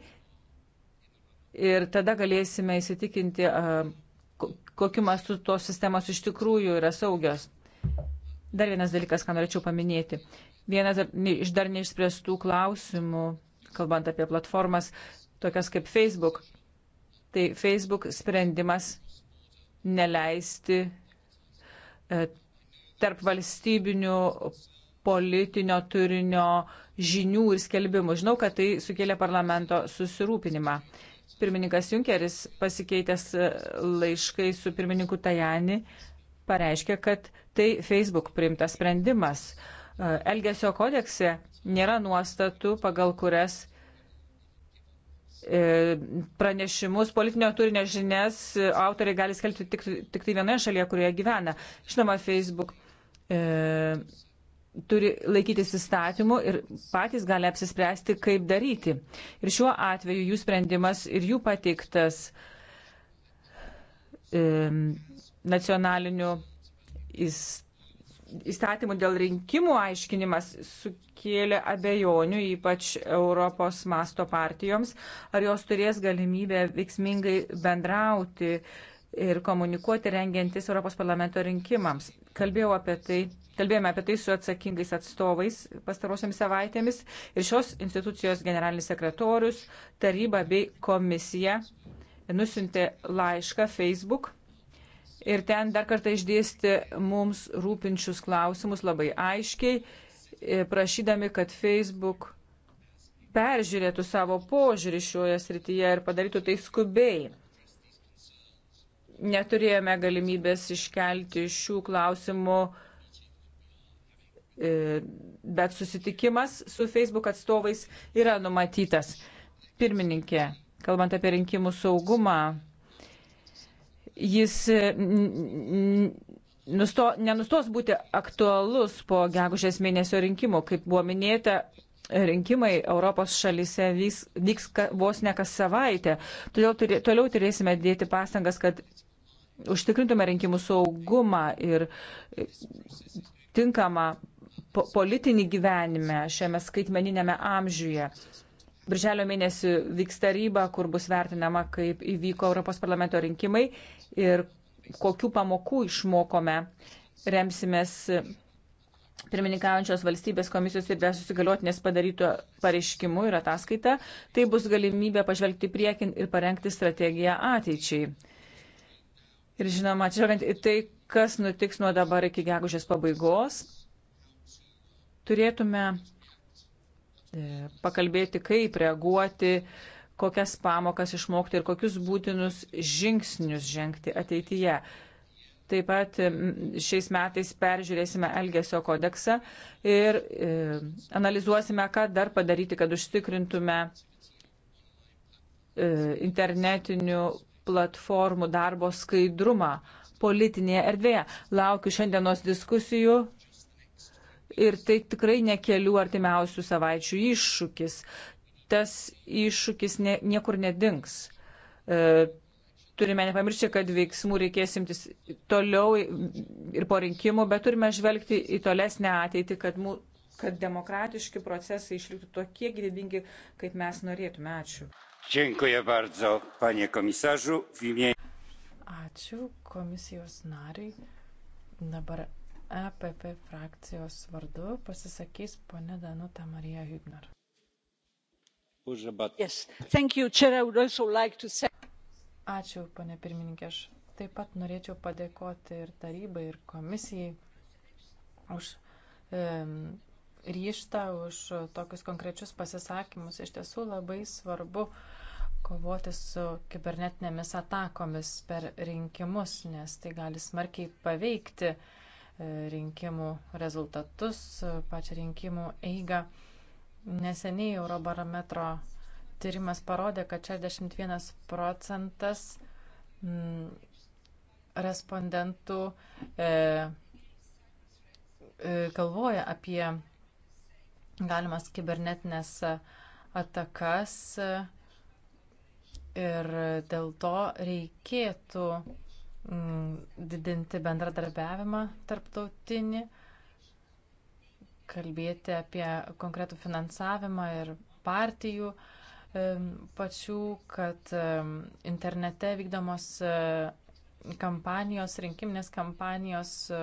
[SPEAKER 2] ir tada galėsime įsitikinti, kokiu mastu tos sistemos iš tikrųjų yra saugios. Dar vienas dalykas, ką norėčiau paminėti. Vienas iš dar neišspręstų klausimų, kalbant apie platformas, tokias kaip Facebook. Tai Facebook sprendimas neleisti e, tarp valstybinių politinio turinio uh, žinių ir skelbimų. Žinau, kad tai sukėlė parlamento susirūpinimą. Pirmininkas Junkeris pasikeitęs e, laiškai su pirmininku Tajani pareiškė, kad tai Facebook priimtas sprendimas. E, Elgesio kodekse nėra nuostatų, pagal kurias e, pranešimus, politinio turinio žinias autoriai gali skelbti tik, tik tai vienoje šalyje, kurioje gyvena. Žinoma, Facebook e, turi laikytis įstatymų ir patys gali apsispręsti, kaip daryti. Ir šiuo atveju jų sprendimas ir jų pateiktas e, nacionaliniu įstatymu dėl rinkimų aiškinimas sukėlė abejonių, ypač Europos masto partijoms, ar jos turės galimybę veiksmingai bendrauti ir komunikuoti rengiantis Europos parlamento rinkimams. Kalbėjau apie tai Kalbėjome apie tai su atsakingais atstovais pastarosiamis savaitėmis ir šios institucijos generalinis sekretorius, taryba bei komisija nusintė laišką Facebook ir ten dar kartą išdėsti mums rūpinčius klausimus labai aiškiai, e, prašydami, kad Facebook peržiūrėtų savo požiūrį šioje srityje ir padarytų tai skubiai. Neturėjome galimybės iškelti šių klausimų uh, E, bet susitikimas su Facebook atstovais yra numatytas. Pirmininkė, kalbant apie rinkimų saugumą, jis e, nusto, nenustos būti aktualus po gegužės mėnesio rinkimų. Kaip buvo minėta, rinkimai Europos šalyse vis, vyks vos ne kas savaitę. Todėl turė, toliau turėsime dėti pastangas, kad užtikrintume rinkimų saugumą ir e, tinkamą po politinį gyvenimą šiame skaitmeninėme amžiuje. Birželio mėnesį vyks taryba, kur bus vertinama, kaip įvyko Europos parlamento rinkimai ir kokių pamokų išmokome, remsimės pirmininkaujančios valstybės komisijos ir susigaliotinės padaryto pareiškimu ir ataskaita, tai bus galimybė pažvelgti priekin ir parengti strategiją ateičiai. Ir žinoma, atsižvelgiant į tai, kas nutiks nuo dabar iki gegužės pabaigos, Turėtume e, pakalbėti, kaip reaguoti, kokias pamokas išmokti ir kokius būtinus žingsnius žengti ateityje. Taip pat šiais metais peržiūrėsime Elgesio kodeksą ir e, analizuosime, ką dar padaryti, kad užtikrintume e, internetinių platformų darbo skaidrumą politinėje erdvėje. Laukiu šiandienos diskusijų Ir tai tikrai ne kelių artimiausių savaičių iššūkis. Tas iššūkis ne, niekur nedings. E, turime nepamiršti, kad veiksmų reikės imtis toliau ir po rinkimų, bet turime žvelgti į tolesnę ateitį, kad, mū, kad demokratiški procesai išliktų tokie gyvybingi, kaip mes norėtume. Ačiū.
[SPEAKER 3] Dziękuję bardzo, panie komisarzu. Ačiū komisijos nariai. Dabar EPP frakcijos vardu pasisakys ponia Danuta Marija Hübner. Yes. You, like say... Ačiū, ponia pirmininkė. Aš taip pat norėčiau padėkoti ir tarybai, ir komisijai už e, ryštą, už tokius konkrečius pasisakymus. Iš tiesų labai svarbu kovoti su kibernetinėmis atakomis per rinkimus, nes tai gali smarkiai paveikti e, rinkimų rezultatus, pačią rinkimų eigą. Neseniai Eurobarometro tyrimas parodė, kad 61 procentas mm, respondentų e, e, galvoja apie galimas kibernetinės atakas ir dėl to reikėtų Mm, didinti bendradarbiavimą tarptautinį, kalbėti apie konkretų finansavimą ir partijų pačių, kad internete vykdomos e, kampanijos, rinkiminės kampanijos e,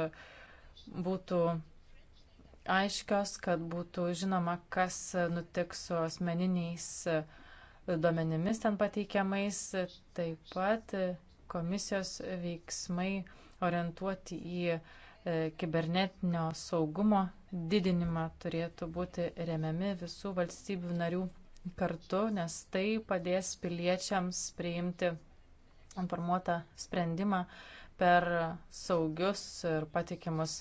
[SPEAKER 3] būtų aiškios, kad būtų žinoma, kas nutiks su asmeniniais e, duomenimis ten pateikiamais. Taip pat komisijos veiksmai orientuoti į e, kibernetinio saugumo didinimą turėtų būti remiami visų valstybių narių kartu, nes tai padės piliečiams priimti informuotą sprendimą per saugius ir patikimus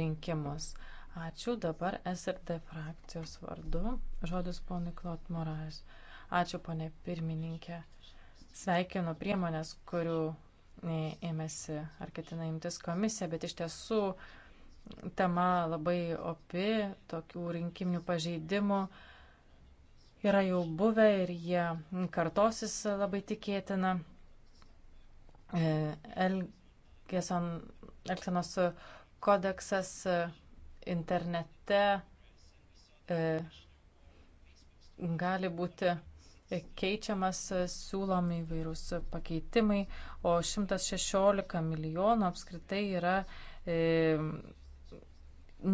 [SPEAKER 3] rinkimus. Ačiū dabar SRT frakcijos vardu. Žodis ponui Klot Morais. Ačiū, ponė pirmininkė. Sveikinu priemonės, kurių e, ėmėsi ar ketina imtis komisija, bet iš tiesų tema labai opi, tokių rinkiminių pažeidimų yra jau buvę ir jie kartosis labai tikėtina. E, Elgeson, Elgesenos kodeksas e, internete gali būti keičiamas, siūlomi įvairūs pakeitimai, o 116 milijonų apskritai yra e,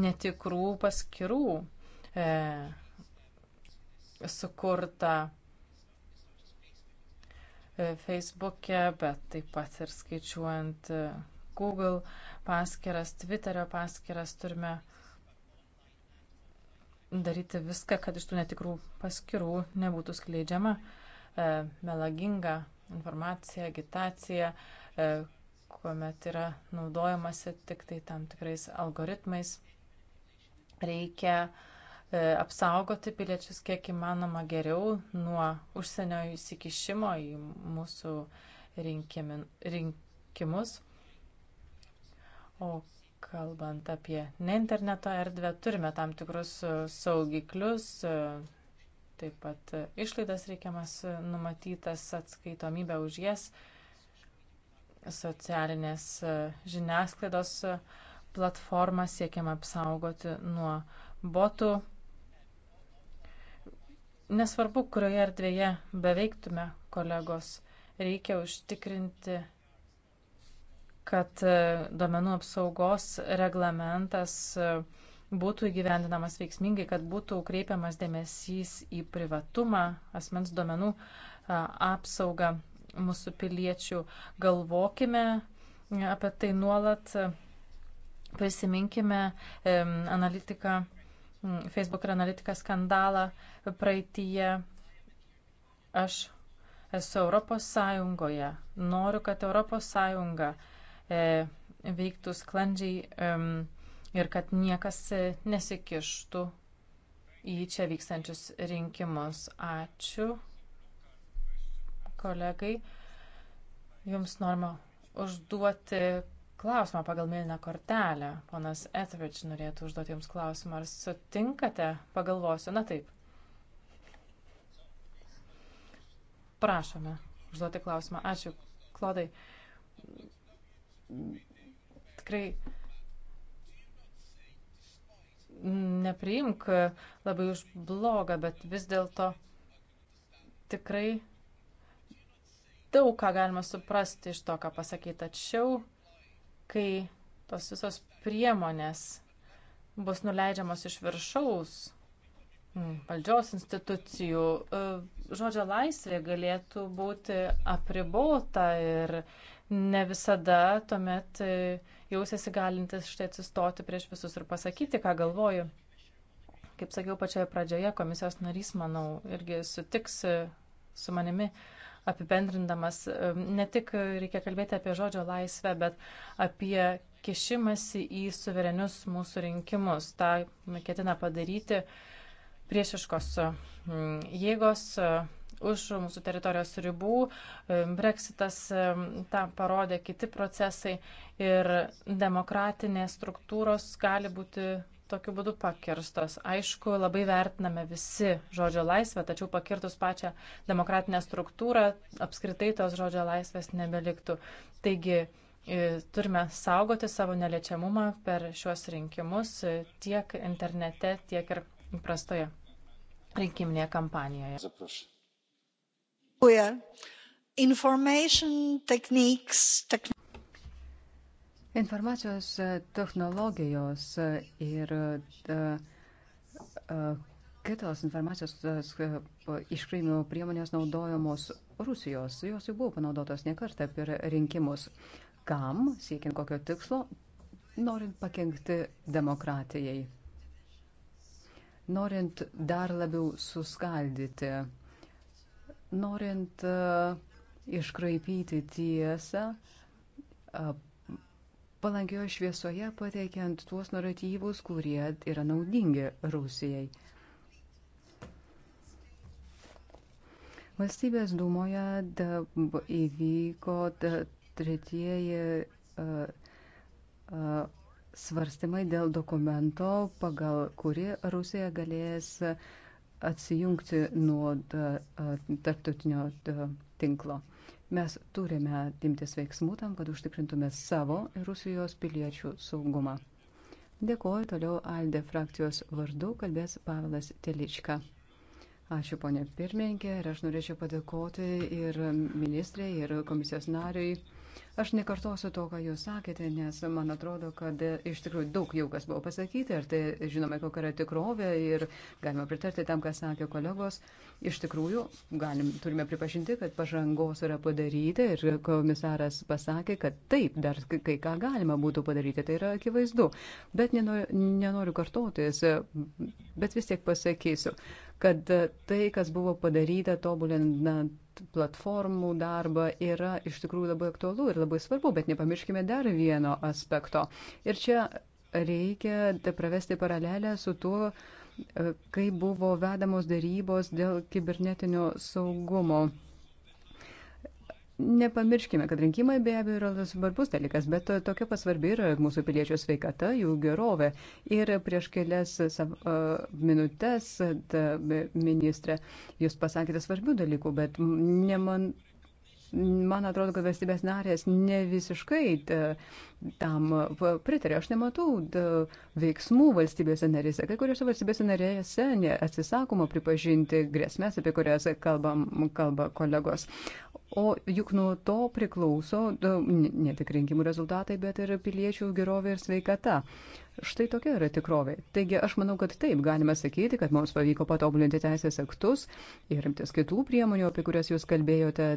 [SPEAKER 3] netikrų paskirų e, sukurta e, Facebook'e, bet taip pat ir skaičiuojant e, Google paskiras, Twitterio paskiras turime daryti viską, kad iš tų netikrų paskirų nebūtų skleidžiama e, melaginga informacija, agitacija, e, kuomet yra naudojamasi tik tai tam tikrais algoritmais. Reikia e, apsaugoti piliečius kiek įmanoma geriau nuo užsienio įsikišimo į mūsų rinkimin, rinkimus. O kalbant apie ne interneto erdvę, turime tam tikrus e, saugiklius, e, taip pat išlaidas reikiamas numatytas atskaitomybę už jas, socialinės e, žiniasklaidos platformą siekiama apsaugoti nuo botų. Nesvarbu, kurioje erdvėje beveiktume, kolegos, reikia užtikrinti kad e, domenų apsaugos reglamentas e, būtų įgyvendinamas veiksmingai, kad būtų kreipiamas dėmesys į privatumą, asmens domenų e, apsaugą mūsų piliečių. Galvokime apie tai nuolat, prisiminkime analitiką, Facebook ir analitiką skandalą praeitįje. Aš esu Europos Sąjungoje, noriu, kad Europos Sąjunga E, veiktų sklandžiai ir kad niekas e, nesikištų į čia vykstančius rinkimus. Ačiū kolegai. Jums norima užduoti klausimą pagal mėlyną kortelę. Ponas Etheridge norėtų užduoti Jums klausimą. Ar sutinkate? Pagalvosiu. Na taip. Prašome užduoti klausimą. Ačiū, Klodai tikrai nepriimk labai už blogą, bet vis dėlto tikrai daug ką galima suprasti iš to, ką pasakyti. Tačiau, kai tos visos priemonės bus nuleidžiamos iš viršaus, valdžios institucijų, e, žodžio laisvė galėtų būti apribota ir ne visada tuomet e, jausiasi galintis štai atsistoti prieš visus ir pasakyti, ką galvoju. Kaip sakiau pačioje pradžioje, komisijos narys, manau, irgi sutiks e, su manimi apibendrindamas. E, ne tik reikia kalbėti apie žodžio laisvę, bet apie kišimasi į suverenius mūsų rinkimus. Ta ketina padaryti priešiškos mm, jėgos už mūsų teritorijos ribų. E, Brexitas e, tą parodė kiti procesai ir demokratinės struktūros gali būti tokiu būdu pakirstos. Aišku, labai vertiname visi žodžio laisvę, tačiau pakirtus pačią demokratinę struktūrą apskritai tos žodžio laisvės nebeliktų. Taigi e, turime saugoti savo neliečiamumą per šiuos rinkimus tiek internete, tiek ir įprastoje rinkiminėje kampanijoje. Zaprašau.
[SPEAKER 1] Informacijos e, technologijos e, ir e, kitos informacijos iškreimimo priemonės naudojamos Rusijos. Jos jau buvo panaudotos ne kartą per rinkimus. Kam, siekiant kokio tikslo, norint pakengti demokratijai norint dar labiau suskaldyti Norint e, iškraipyti tiesą, e, palankioje šviesoje pateikiant tuos naratyvus, kurie yra naudingi Rusijai. Valstybės dūmoje įvyko tretieji e, svarstymai dėl dokumento, pagal kuri Rusija galės uh, atsijungti nuo tarptautinio tinklo. Mes turime imtis veiksmų tam, kad užtikrintume savo ir Rusijos piliečių saugumą. Dėkuoju toliau Alde frakcijos vardu, kalbės Pavelas Telička. Ačiū ponė pirmininkė ir aš norėčiau padėkoti ir ministrė, ir komisijos nariai Aš nekartosiu to, ką jūs sakėte, nes man atrodo, kad iš tikrųjų daug jau kas buvo pasakyti, ar tai žinome, kokia yra tikrovė ir galime pritarti tam, ką sakė kolegos. Iš tikrųjų, galim, turime pripažinti, kad pažangos yra padaryta ir komisaras pasakė, kad taip, dar kai ką galima būtų padaryti, tai yra akivaizdu. Bet nenoriu, nenoriu kartotis, bet vis tiek pasakysiu kad tai, kas buvo padaryta tobulinant platformų darbą, yra iš tikrųjų labai aktualu ir labai svarbu, bet nepamirškime dar vieno aspekto. Ir čia reikia pravesti paralelę su tuo, e, kai buvo vedamos darybos dėl kibernetinio saugumo. Nepamirškime, kad rinkimai be abejo yra svarbus dalykas, bet tokia pasvarbi yra mūsų piliečių sveikata, jų gerovė. Ir prieš kelias minutės, ministrė, jūs pasakėte svarbių dalykų, bet neman, man atrodo, kad valstybės narės ne visiškai tam pritarė. Aš nematau veiksmų valstybėse narėse. Kai kuriuose valstybėse narėse atsisakoma pripažinti grėsmės, apie kurias kalbam, kalba kolegos. O juk nuo to priklauso ne tik rinkimų rezultatai, bet ir piliečių gerovė ir sveikata. Štai tokia yra tikrovė. Taigi aš manau, kad taip galime sakyti, kad mums pavyko patobulinti teisės aktus ir imtis kitų priemonių, apie kurias jūs kalbėjote.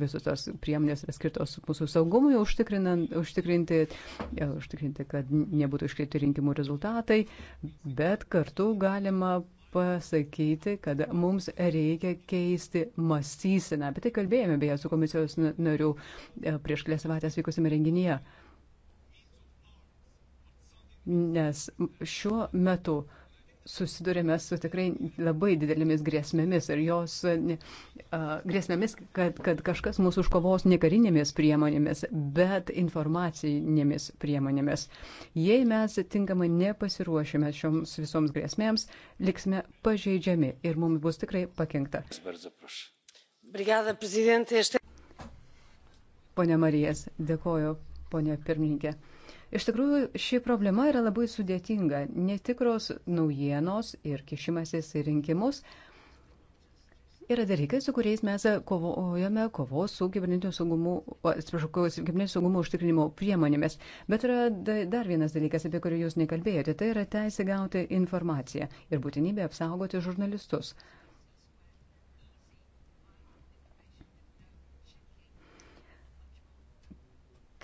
[SPEAKER 1] Visos tos priemonės yra skirtos mūsų saugumui užtikrinti, e, užtikrinti, kad nebūtų iškreipti rinkimų rezultatai, bet kartu galima pasakyti, kad mums reikia keisti mąstyseną. Apie tai kalbėjome beje su komisijos nariu e, prieš kelias savaitės vykusime renginyje. Nes šiuo metu susidurėme su tikrai labai didelėmis grėsmėmis ir jos uh, grėsmėmis, kad, kad kažkas mūsų užkovos ne karinėmis priemonėmis, bet informacinėmis priemonėmis. Jei mes tinkamai nepasiruošime šioms visoms grėsmėms, liksime pažeidžiami ir mums bus tikrai pakengta. Pone Marijas, dėkoju, ponė pirmininkė. Iš tikrųjų, ši problema yra labai sudėtinga. Netikros naujienos ir kišimasis į rinkimus yra dalykai, su kuriais mes kovojame kovos su kibernetinio saugumu, atsiprašau, kibernetinio saugumo užtikrinimo priemonėmis. Bet yra dar vienas dalykas, apie kurį jūs nekalbėjote, tai yra teisė gauti informaciją ir būtinybė apsaugoti žurnalistus.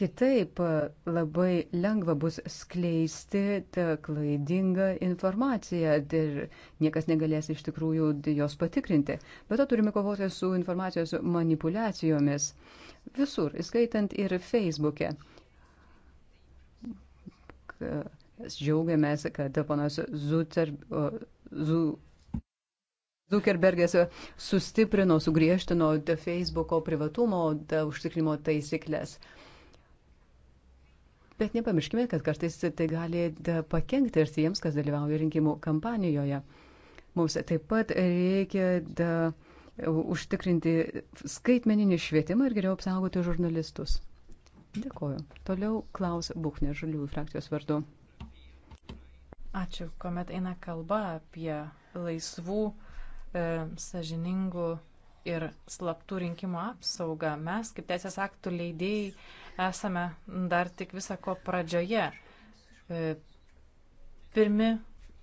[SPEAKER 1] Kitaip e, labai lengva bus skleisti klaidingą informaciją ir niekas negalės iš tikrųjų jos patikrinti. Bet to turime kovoti su informacijos manipulacijomis visur, įskaitant ir Facebook'e. Džiaugiamės, kad ponas Zuter, Zu, Zuckerbergas sustiprino, sugriežtino Facebook'o privatumo užtikrimo taisyklės. Bet nepamirškime, kad kartais tai gali pakengti ir tiems, kas dalyvauja rinkimų kampanijoje. Mums taip pat reikia da, užtikrinti skaitmeninį švietimą ir geriau apsaugoti žurnalistus. Dėkoju. Toliau Klaus Buchner, Žaliųjų frakcijos vardu.
[SPEAKER 3] Ačiū. Komet eina kalba apie laisvų, e, sažiningų ir slaptų rinkimų apsaugą, mes kaip teisės aktų leidėjai esame dar tik visako pradžioje. E, pirmi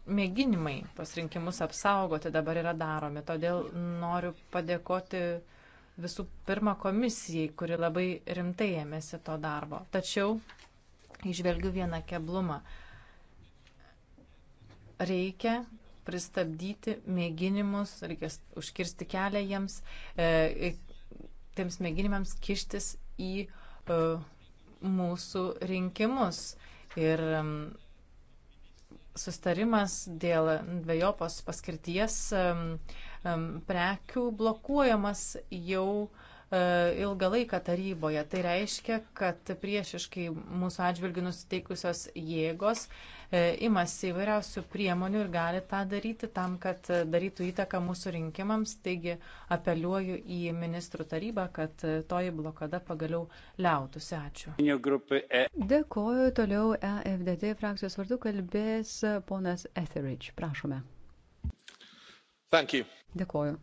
[SPEAKER 3] mėginimai pasirinkimus apsaugoti dabar yra daromi. Todėl noriu padėkoti visų pirma komisijai, kuri labai rimtai ėmėsi to darbo. Tačiau išvelgiu vieną keblumą. Reikia pristabdyti mėginimus, reikia užkirsti kelią jiems, e, tiems mėginimams kištis į E, mūsų rinkimus. Ir sustarimas dėl dviejopos paskirties prekių blokuojamas jau uh, E, ilgą laiką taryboje. Tai reiškia, kad priešiškai mūsų atžvilgių nusiteikusios jėgos e, imasi įvairiausių priemonių ir gali tą daryti tam, kad darytų įtaką mūsų rinkimams. Taigi apeliuoju į ministrų tarybą, kad toji blokada pagaliau
[SPEAKER 1] liautųsi. Ačiū. Dėkoju. Toliau EFDD frakcijos vardu kalbės ponas Etheridge. Prašome. Dėkoju.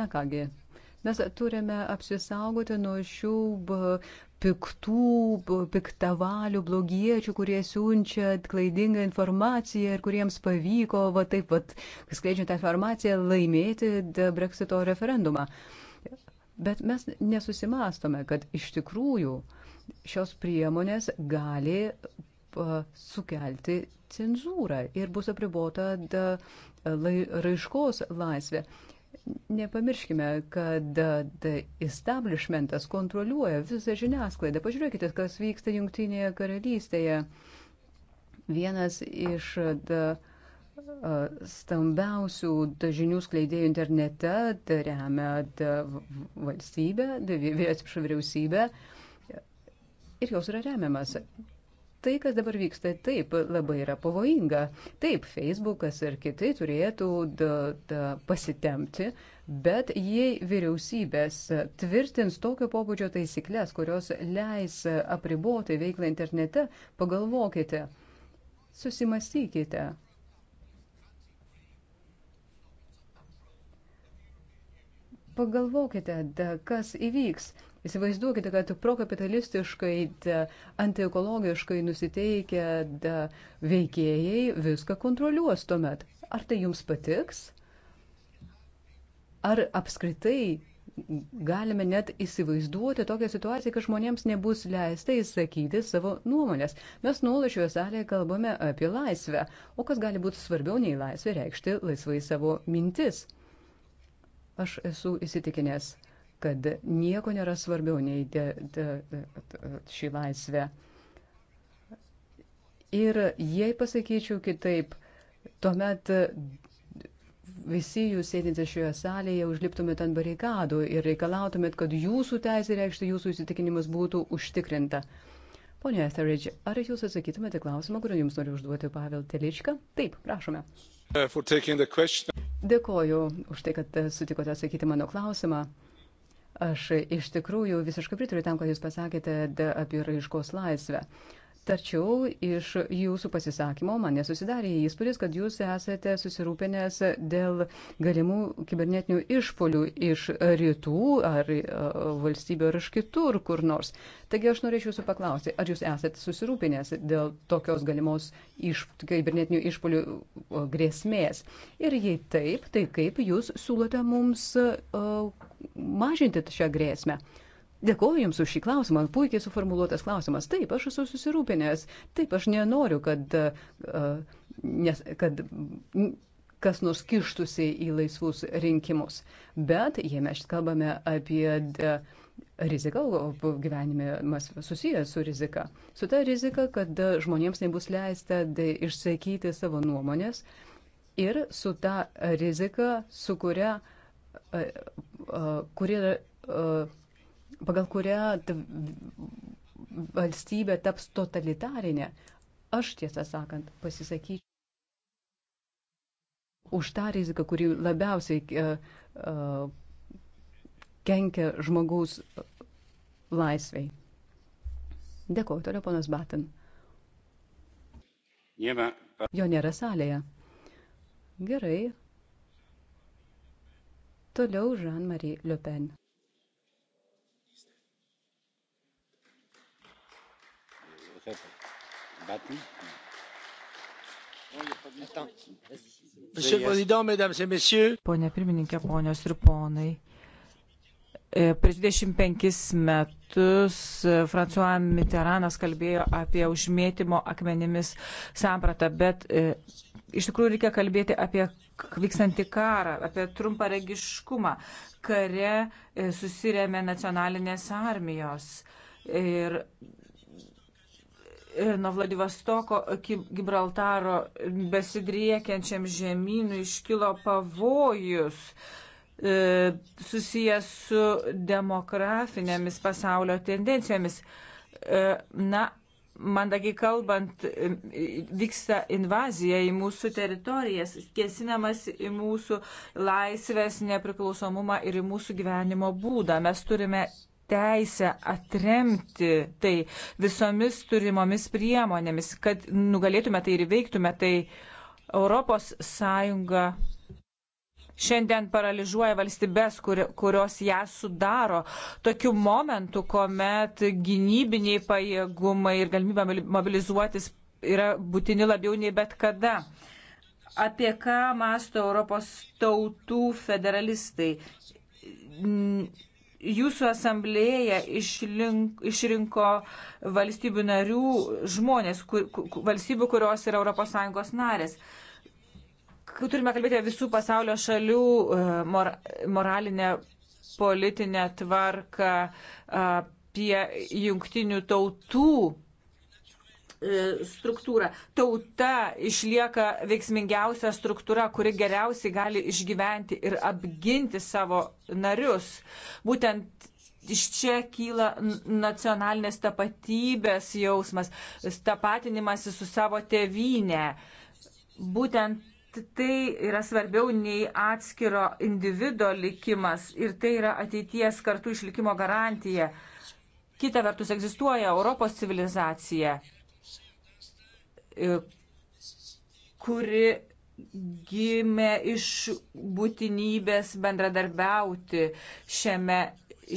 [SPEAKER 1] Na kągi, Mes turime apsisaugoti nuo šių piktų, piktavalių, blogiečių, kurie siunčia klaidingą informaciją ir kuriems pavyko, va taip, va, skleidžiant tą informaciją, laimėti Brexito referendumą. Bet mes nesusimastome, kad iš tikrųjų šios priemonės gali sukelti cenzūrą ir bus apribota raiškos laisvė. Nepamirškime, kad establishmentas kontroliuoja visą žiniasklaidą. Pažiūrėkite, kas vyksta Junktinėje karalystėje. Vienas iš da, uh, stambiausių da, žinių skleidėjų internete da, remia da, valstybę, atsiprašau, vyriausybę ir jos yra remiamas tai, kas dabar vyksta, taip labai yra pavojinga. Taip, Facebookas ir kiti turėtų da, da, pasitemti, bet jei vyriausybės tvirtins tokio pobūdžio taisyklės, kurios leis apriboti veiklą internete, pagalvokite, susimastykite. Pagalvokite, da, kas įvyks. Įsivaizduokite, kad prokapitalistiškai, antiekologiškai nusiteikę veikėjai viską kontroliuos tuomet. Ar tai jums patiks? Ar apskritai galime net įsivaizduoti tokią situaciją, kad žmonėms nebus leista įsakyti savo nuomonės. Mes nuolat šioje salėje kalbame apie laisvę, o kas gali būti svarbiau nei laisvė reikšti laisvai savo mintis. Aš esu įsitikinęs, kad nieko nėra svarbiau nei de, de, de, šį laisvę. Ir jei pasakyčiau kitaip, tuomet visi jūs sėdintys šioje salėje užliptumėt ant barikadų ir reikalautumėt, kad jūsų teisė reikšti jūsų įsitikinimus būtų užtikrinta. Pone Etheridge, ar jūs atsakytumėte klausimą, kurį jums noriu užduoti Pavel Teličką? Taip, prašome. Uh, Dėkoju už tai, kad sutikote atsakyti mano klausimą. Aš iš tikrųjų visiškai pritariu tam, ką Jūs pasakėte apie raiškos laisvę. Tačiau iš jūsų pasisakymo man nesusidarė įspūdis, kad jūs esate susirūpinęs dėl galimų kibernetinių išpolių iš rytų ar e, valstybių ar iš kitur kur nors. Taigi aš norėčiau jūsų paklausti, ar jūs esate susirūpinęs dėl tokios galimos iš, kibernetinių išpolių grėsmės? Ir jei taip, tai kaip jūs siūlote mums e, mažinti šią grėsmę? Dėkuoju Jums už šį klausimą, puikiai suformuoluotas klausimas. Taip, aš esu susirūpinęs, taip, aš nenoriu, kad, uh, nes, kad kas nors kištusi į laisvus rinkimus. Bet jei mes kalbame apie e, riziką, gyvenimas susijęs su rizika, su ta rizika, kad e, žmonėms nebus tai leista išsakyti savo nuomonės ir su ta rizika, su kuria, kuria pagal kurią valstybė taps totalitarinė, aš tiesą sakant pasisakyčiau už tą riziką, kuri labiausiai e, e, kenkia žmogaus laisvei. Dėkuoju, toliau ponas Batin. Jo nėra salėje. Gerai. Toliau Jean-Marie Le Pen.
[SPEAKER 2] Pone pirmininkė, ponios ir ponai. E, prieš 25 metus e, François Mitteranas kalbėjo apie užmėtimo akmenimis sampratą, bet e, iš tikrųjų reikia kalbėti apie vykstantį karą, apie trumparegiškumą. Kare susirėmė nacionalinės armijos ir E, nuo Vladivostoko iki Gibraltaro besidriekiančiam žemynui iškilo pavojus e, susijęs su demografinėmis pasaulio tendencijomis. E, na, mandagiai kalbant, e, vyksta invazija į mūsų teritorijas, kėsinamas į mūsų laisvės, nepriklausomumą ir į mūsų gyvenimo būdą. Mes turime teisę atremti tai visomis turimomis priemonėmis, kad nugalėtume tai ir veiktume, tai Europos Sąjunga šiandien paralyžiuoja valstybės, kur, kurios ją sudaro. Tokių momentų, kuomet gynybiniai pajėgumai ir galimybė mobilizuotis yra būtini labiau nei bet kada. Apie ką masto Europos tautų federalistai? jūsų asamblėja išlink, išrinko valstybių narių žmonės, kur, kur, valstybių, kurios yra ES narės. Turime kalbėti apie visų pasaulio šalių e, mor, moralinę, politinę tvarką, apie jungtinių tautų E, struktūrą. Tauta išlieka veiksmingiausia struktūra, kuri geriausiai gali išgyventi ir apginti savo narius. Būtent iš čia kyla nacionalinės tapatybės jausmas, tapatinimas su savo tėvynė. Būtent tai yra svarbiau nei atskiro individo likimas ir tai yra ateities kartų išlikimo garantija. Kita vertus egzistuoja Europos civilizacija. E, kuri gimė iš būtinybės bendradarbiauti šiame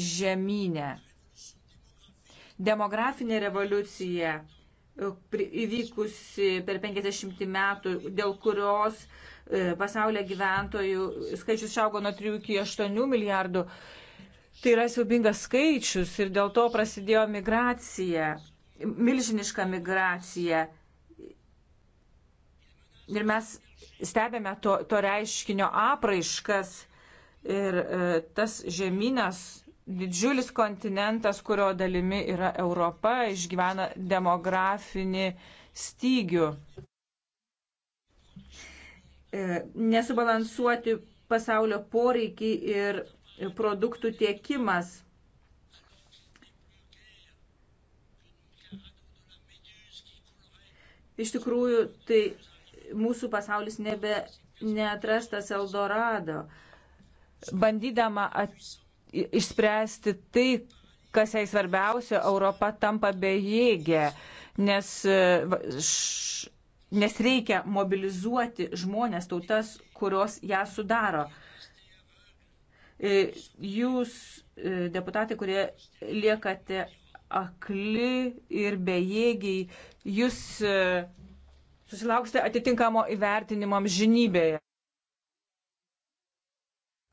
[SPEAKER 2] žemynė. Demografinė revoliucija e, įvykusi per 50 metų, dėl kurios e, pasaulio gyventojų skaičius išaugo nuo 3 iki 8 milijardų. Tai yra siubingas skaičius ir dėl to prasidėjo migracija, milžiniška migracija Ir mes stebėme to, to reiškinio apraiškas ir e, tas žemynas, didžiulis kontinentas, kurio dalimi yra Europa, išgyvena demografinį stygių. E, nesubalansuoti pasaulio poreikiai ir produktų tiekimas. Iš tikrųjų, tai mūsų pasaulis nebe neatrastas Eldorado. Bandydama at, išspręsti tai, kas jai svarbiausia, Europa tampa bejėgė, nes, e, š, nes reikia mobilizuoti žmonės, tautas, kurios ją sudaro. E, jūs, e, deputatai, kurie liekate akli ir bejėgiai, jūs susilauksite atitinkamo įvertinimo žinybėje.